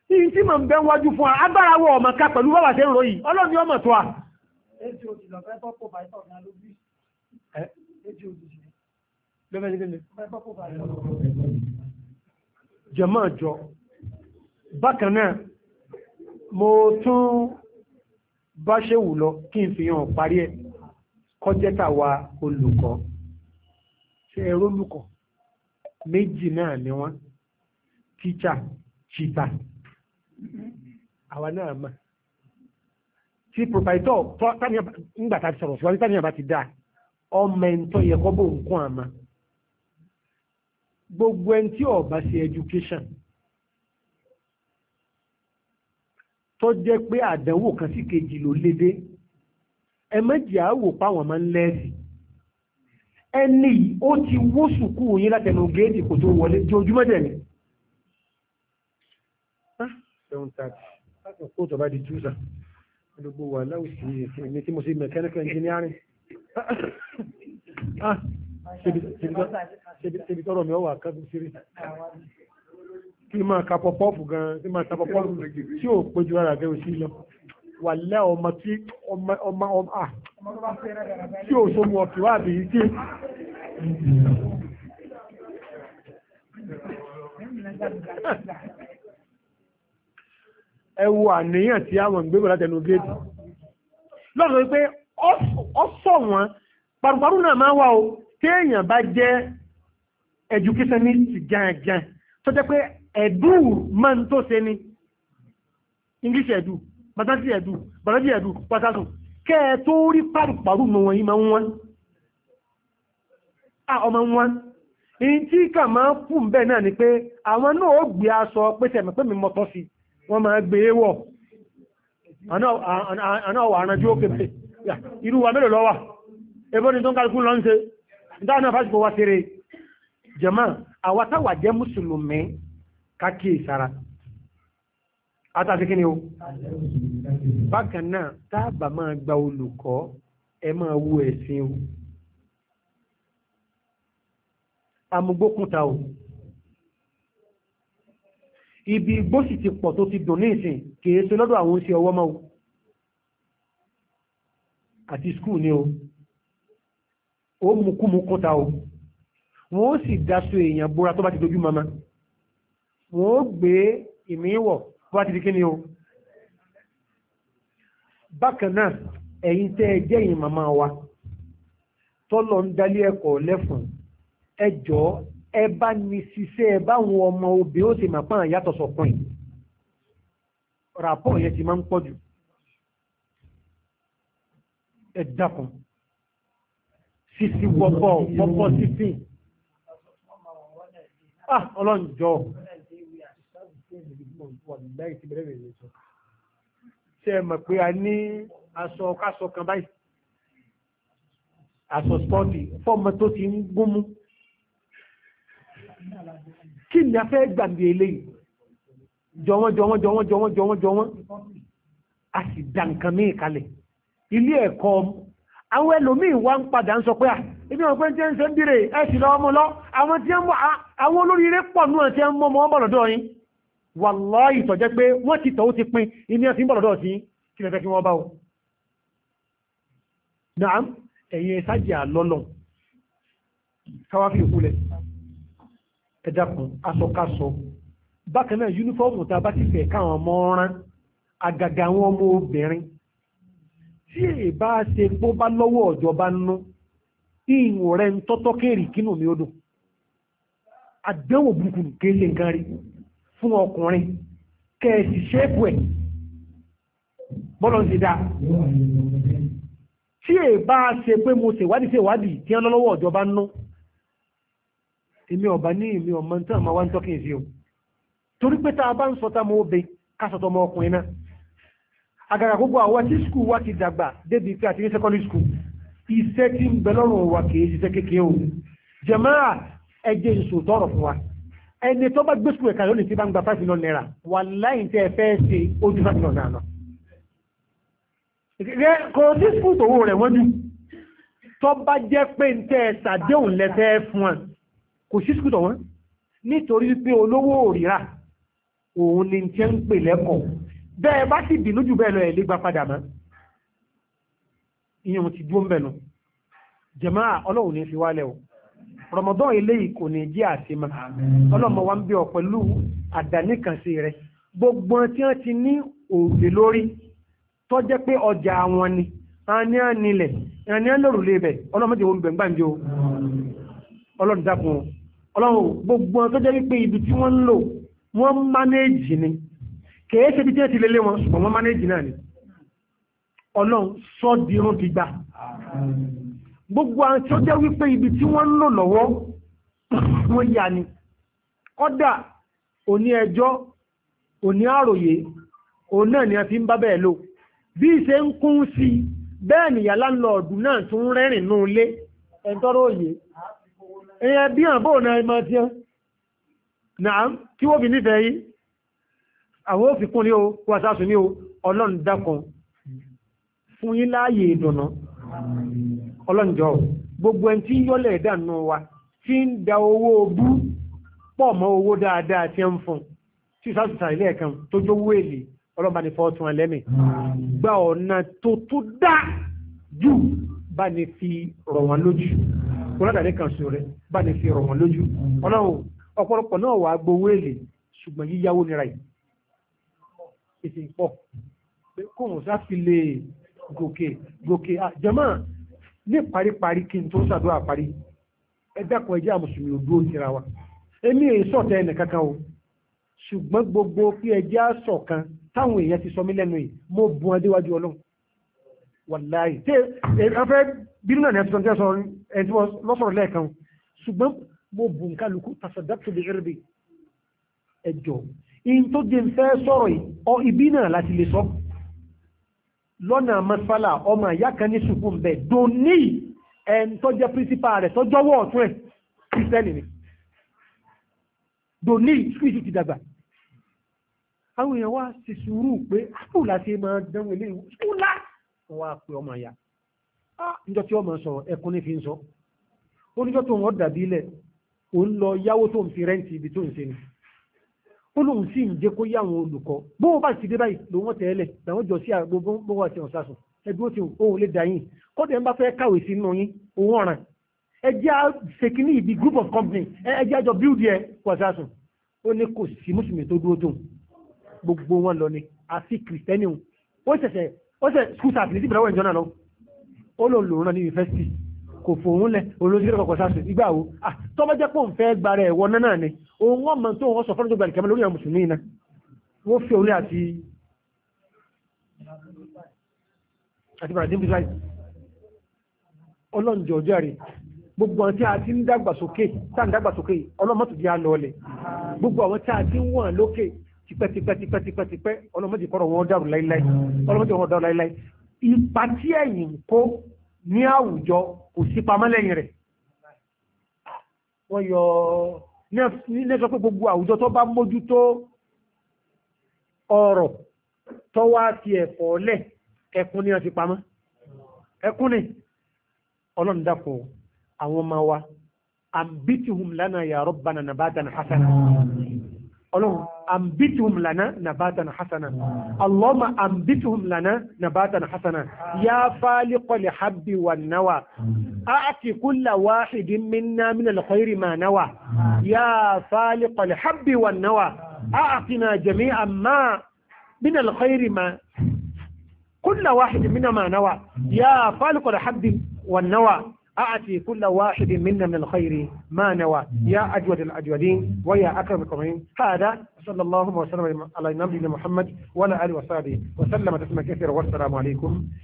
yìí tí mọ̀ ń bẹ́ wájú fún agbára wọ ọmọ ká pẹ̀lú bàbá tẹ́ ròyìn ọlọ́ni ọmọ tó à jẹ̀mọ́ bákan náà mo tún bá ṣe wù lọ kí n fi hàn parí ẹ̀ kọjẹ́tà wa olùkọ́ ṣe ẹ̀rọ olùkọ́ méjì náà ni wọ́n tíṣà chita àwa náà mọ̀ tí propaitọ́ ńgbà tá a ti sọ̀rọ̀ síwájú tánìyàn bá ti dáa ọmọ ẹ̀ńtọ́ yẹ kọ́ bó nǹkan àmà gbogbo ẹni tí ọba ṣe education tó jẹ́ pé àdánwò kan sí kejì ló lédè ẹ̀mẹ́jì àwò páwọn máa ń lẹ́ẹ̀sì ẹni ó ti wó sùkú yín látẹnu géètì kò tó wọlé tí ojúmọ́ dẹ̀ ni. kó ah, tọ́ba di túsà gbogbo wà láwùsí ẹ̀mí tí mo ṣe mechanical engineering ah, ṣebi tọrọ mi ọ wà kájú sírí kí máa ka pọpọ́ọ̀fù gan-an kí máa ta pọpọ́ọ̀fù tí ò péjú rárá gẹ́gẹ́ sí lọ wà lẹ́ ọmọ tí ọmọ ọmọ ọmọ ah, tí ò so mu ọ̀kì wá àbí ike. ẹ wo àníyàn tí àwọn ìgbé bọ̀dá tẹnu géètì lọ́dọ̀ pé ọ sọ wọn paruparu náà máa wà o téèyàn bá jẹ́ educationist gangan tó jẹ́ pé ẹ̀dùn máa ń tó ṣe ni English ẹ̀dùn. bàtàtì ẹ̀dù bàtàtì ẹ̀dù pàtàtù kẹ́ ẹ tó rí pàrùpàrù mọ wọn ìmọ̀ wọn ọmọ wọn èyí tí kà máa kù ń náà ni pé àwọn náà ó gbé aṣọ pẹ́sẹ̀ mọ̀ mi mọ́tọ́ sí wọ́n máa gbé e wọ̀ àná ọ̀wà àrànjú ó wa àtàtí kí ni o bákan náà táàbà máa gba olùkọ́ ẹ máa wo ẹ̀sìn o amúgbókúta o ibi igbó sì ti pọ̀ tó ti dùn ní ìsìn kìí ṣe lọ́dọ̀ àwọn oṣù ọwọ́ mọ́ o àti skul ni o ó mukúmu kúta o wọ́n ó sì dáṣọ èèyàn búra tó bá ti dojú mama wọ́n ó gbé ìmíwọ̀ bá ti di kí ni o bákan náà ẹ̀yin tẹ́ ẹ jẹ́ ẹ̀yin màmá wa tọ́lọ̀ ń dalé ẹ̀kọ́ lẹ́fùn ẹ jọ ẹ bá ní ṣiṣẹ́ ẹ báwọn ọmọ obìnrin ó sì máa pọ́n àyàtọ̀ sọ̀kan yìí ràpọ̀ yẹn ti máa ń pọ̀ jù ẹ dákun sisi wọ́pọ̀ wọ́pọ̀ sísìn ah, ọlọ́njọ́ wàlúùláì ti bẹ̀rẹ̀ rẹ̀ sọ. ṣe é mọ̀ pé a ní aṣọ káṣọ kan báyìí aṣọ spọ́ọ̀tì fọ́ọ̀mù tó ti ń gúnmú. kí ni a fẹ́ gbàgbé eléyìí jọ̀wọ́n jọ̀wọ́n jọ̀wọ́n jọ̀wọ́n jọ̀wọ́n jọ̀wọ́n a sì dá nǹkan míì kalẹ̀ ilé ẹ̀kọ́ àwọn ẹlòmíì wá ń padà ń sọ pé à ibi wọn pé ń ń wàláì tọ̀jẹ́ pé wọ́n ti tọ̀ ó ti pin ilé ẹ̀sìn bọ̀lọ̀dọ̀ sí kí lẹ́fẹ́ kí wọ́n bá o naam ẹ̀yẹ sájì àlọ́lọ̀ káwáfí ìkúlẹ̀ ẹ̀dàkùn asọkásọ bákan náà yúnífọ́ọ̀mù ta bá ti fẹ̀ káwọn ọmọ rán àgàgà àwọn ọmọ obìnrin tí èbá ṣe pó bá lọ́wọ́ ọ̀jọba nú ìwọ̀n rẹ̀ ń tọ́tọ́ kéèrì kínú mi ó dùn àdánwò kéèlé nǹkan rí fún ọkùnrin kẹ́ẹ̀sì ṣéèpù ẹ̀ bọ́lọ̀ ti dá tí è bá ṣe pé mo ṣèwádìí ṣèwádìí tí wọ́n lọ́wọ́ ọ̀jọba ń ná èmi ọ̀bá ní èmi ọmọ tí àwọn wá ń tọ́kì sí o torí pé tá a bá ń sọ tá mo be kásọ̀tọ̀ ọmọ ọkùnrin náà àgàgà gbogbo àwọn tí skul wa ti dàgbà débi pé àti ní secondary school iṣẹ́ tí ń bẹ lọ́rùn wa kì í ṣiṣẹ́ kékeré o jẹ̀máà ẹjẹ́ ìṣòtọ́rọ̀ fún wa ẹni tó bá gbé sùkúrẹ̀ kan lónìí tí bá ń gba five million naira wà láì tẹ́ ẹ fẹ́ ṣe ojú five million naira rẹ kò sí fúùtù owó rẹ̀ wọ́n jù tó bá jẹ́ pé ń tẹ́ ẹ sàdéhùn lẹ́tẹ́ fún ẹ kò sí fúùtù wọn nítorí pé olówó òrìrà òun ni tiẹ́ ń pè lẹ́kọ̀ọ́ bẹ́ẹ̀ bá sì bínú jù bẹ́ẹ̀ lọ ẹ̀ lè padà mọ́ ìyẹn ti dúró ń bẹ̀ nù jẹ̀máà ọlọ́run ní fi wálẹ̀ o rọmọdán eléyìí kò ní jẹ́ àṣemọ ọlọ́mọ wa ń bí ọ pẹ̀lú àdánìkànṣe rẹ gbogbo tí wọ́n ti ní òòlè lórí tó jẹ́ pé ọjà wọn ni àní ànilẹ̀ àní àlòrùlé bẹ̀ ọlọ́mọdé wọn bẹ̀ ń gbàǹjo ọlọ́run dákun ọlọ́run gbogbo tó jẹ́ wípé ibi tí wọ́n ń lò wọ́n mánéèjì ni kèé bí tí wọ́n ti lélẹ̀ gbogbo àwọn jẹ́ wípé ibi tí wọ́n lò lọ́wọ́ wọ́n yà ni kọ́dà òní ẹjọ́ òní àròyé òun náà ni a fi ń bá bẹ́ẹ̀ lò bí ìṣe ń kún sí i bẹ́ẹ̀ nìyà láńlọ́ọ̀dù náà tún rẹ́rìn nú ilé ẹ̀ńtọ́rọ̀ òye ẹ̀yẹ bí àbò náà ẹmọ tí ó náà kí wọ́n bí nífẹ̀ẹ́ yìí àwọn òfikún ní o wàsásù ní o ọlọ́run dákan fún yín láàyè ìdùnnà ọlọ́njọ́ gbogbo ẹni tí ń yọ́lẹ̀ ìdánù wa tí ń da owó bú pọ̀ mọ́ owó dáadáa tí ń fún tí sásùsà ilé ẹ̀kan tó jówó èlé ọlọ́ba ní fọ́ọ̀tún ẹlẹ́mì gba ọ̀nà tó tó dá jù bá ní fi rọ̀ wọ́n lójú kúrọ́dàdé kan sọ rẹ̀ bá ní fi rọ̀ wọ́n lójú ọlọ́run ọ̀pọ̀lọpọ̀ náà wàá gbowó èlé ṣùgbọ́n yíyáwó nira yìí ètò ìpọ̀ kóhùn sáfi lè gòkè gòkè àjọmọ́ ní paríparí kí n tó ṣàdúrà parí ẹgbẹ́kùn ẹjẹ́ àmùsùlùmí ò dúró tira wa èmi èyí sọ̀tẹ́ ẹnì kankan o ṣùgbọ́n gbogbo kí ẹjẹ́ àṣọ̀kan táwọn èèyàn ti sọ mí lẹ́nu yìí mo bu wọn déwájú ọlọ́run wàláyé tí afẹ́ bínú náà ní ẹ̀sùn tẹ́ sọ ẹni tí mo bu nǹkan lùkú tàṣàdàtò lè rẹ̀ bì ẹjọ́ in tó jẹ́ lọ́nà masfala ọmọ ìyá kan ní ṣùgbọ́n bẹ̀ dòní ẹn tó jẹ́ principal rẹ̀ tó jọ́wọ́ ọ̀tún ẹ̀ kìrìsẹ́nì ni dòní ṣùgbọ́n ti dàgbà àwọn èèyàn wá sí sùúrù pé àkùlà ṣe máa dánwò ilé ìwé ṣùgbọ́n wá pé ọmọ ìyá níjọ́ tí ọmọ sọ̀rọ̀ ẹkún ní fi ń sọ oníjọ́ tó wọ́n dàbí ilẹ̀ òun lọ yáwó tó ń fi rẹ́ǹtì ibi tó ń ṣe ni ó lóun sì ń jẹ́ kó yá àwọn olùkọ́ bó bá ti dé báyìí lòun wọ́n tẹ̀lé làwọn jọ sí àgbogbo bó wà sí ọ̀sásùn ẹbí ó ti òun lè dà yín kọ́dẹ̀ ń bá fẹ́ kàwé sí inú yín òun ọ̀ràn ẹ ṣèkínní ìbí group of company ẹ jẹ́ àjọ build yẹ kó ọ̀sásùn ó ní kò sí mùsùlùmí tó dúró tóun gbogbo wọn lọ ni àfi kìrìtẹ́nì òun ó ṣẹ̀ṣẹ̀ ó ṣẹ̀ school staff ní tìbẹ̀rẹ̀ ìjọ náà lọ ó lòun lòun náà ní yunifásitì kò fòun ń fẹ́ gbára ẹ̀wọ̀ náà ni òun wọ́n mọ̀ tó wọ́n sọ fọ́nà tó gbàlì kẹmẹ́ lórí àwọn mùsùlùmí iná wọ́n fi orí àti àti brazil bisai ọlọ́njọ́ ọjọ́ rẹ̀ gbogbo àwọn tí a ti ń dàgbàsókè tá ń dàgbàsókè ọlọ́mọ́tò di àlọ́ọ̀lẹ̀ gbogbo àwọn tí a ti ń wọ̀n lókè tipẹ́tipẹ́tipẹ́tipẹ́ ọlọ́mọ́tò kọ́rọ̀ wọn dàrú láíláí ọlọ́mọ́tò wọn dàrú láíláí ní sọ pé gbogbo àwùjọ tó bá mójútó ọ̀rọ̀ tó wá ti ẹ̀kọ́ lẹ̀ ẹkún ní ọtí pamọ́ ẹkún ni ọlọ́run dàpọ̀ àwọn ọmọ wa àbítìhùn lánàá ya rabbana nàbàdàn hasana ọlọ́run àmbítùm lànà nàbátàn hasana allahumma àmbítùm lànà nàbátàn hasana ya fáálíkọlẹ̀ habbi wa náwà aati kulla wahidin minna min alkhairi ma nawa ya fáálíkọlẹ̀ habbi wa náwà aatina jami'an ma min alkhairi ma kulla wahidin minna ma nawa ya fáálíkọlẹ̀ habbi wa náwà أعطي كل واحد منا من الخير ما نوى يا أجود الأجودين ويا أكرم الأكرمين هذا صلى الله وسلم على نبينا محمد وعلى آله وصحبه وسلم تسليما كثيرا والسلام عليكم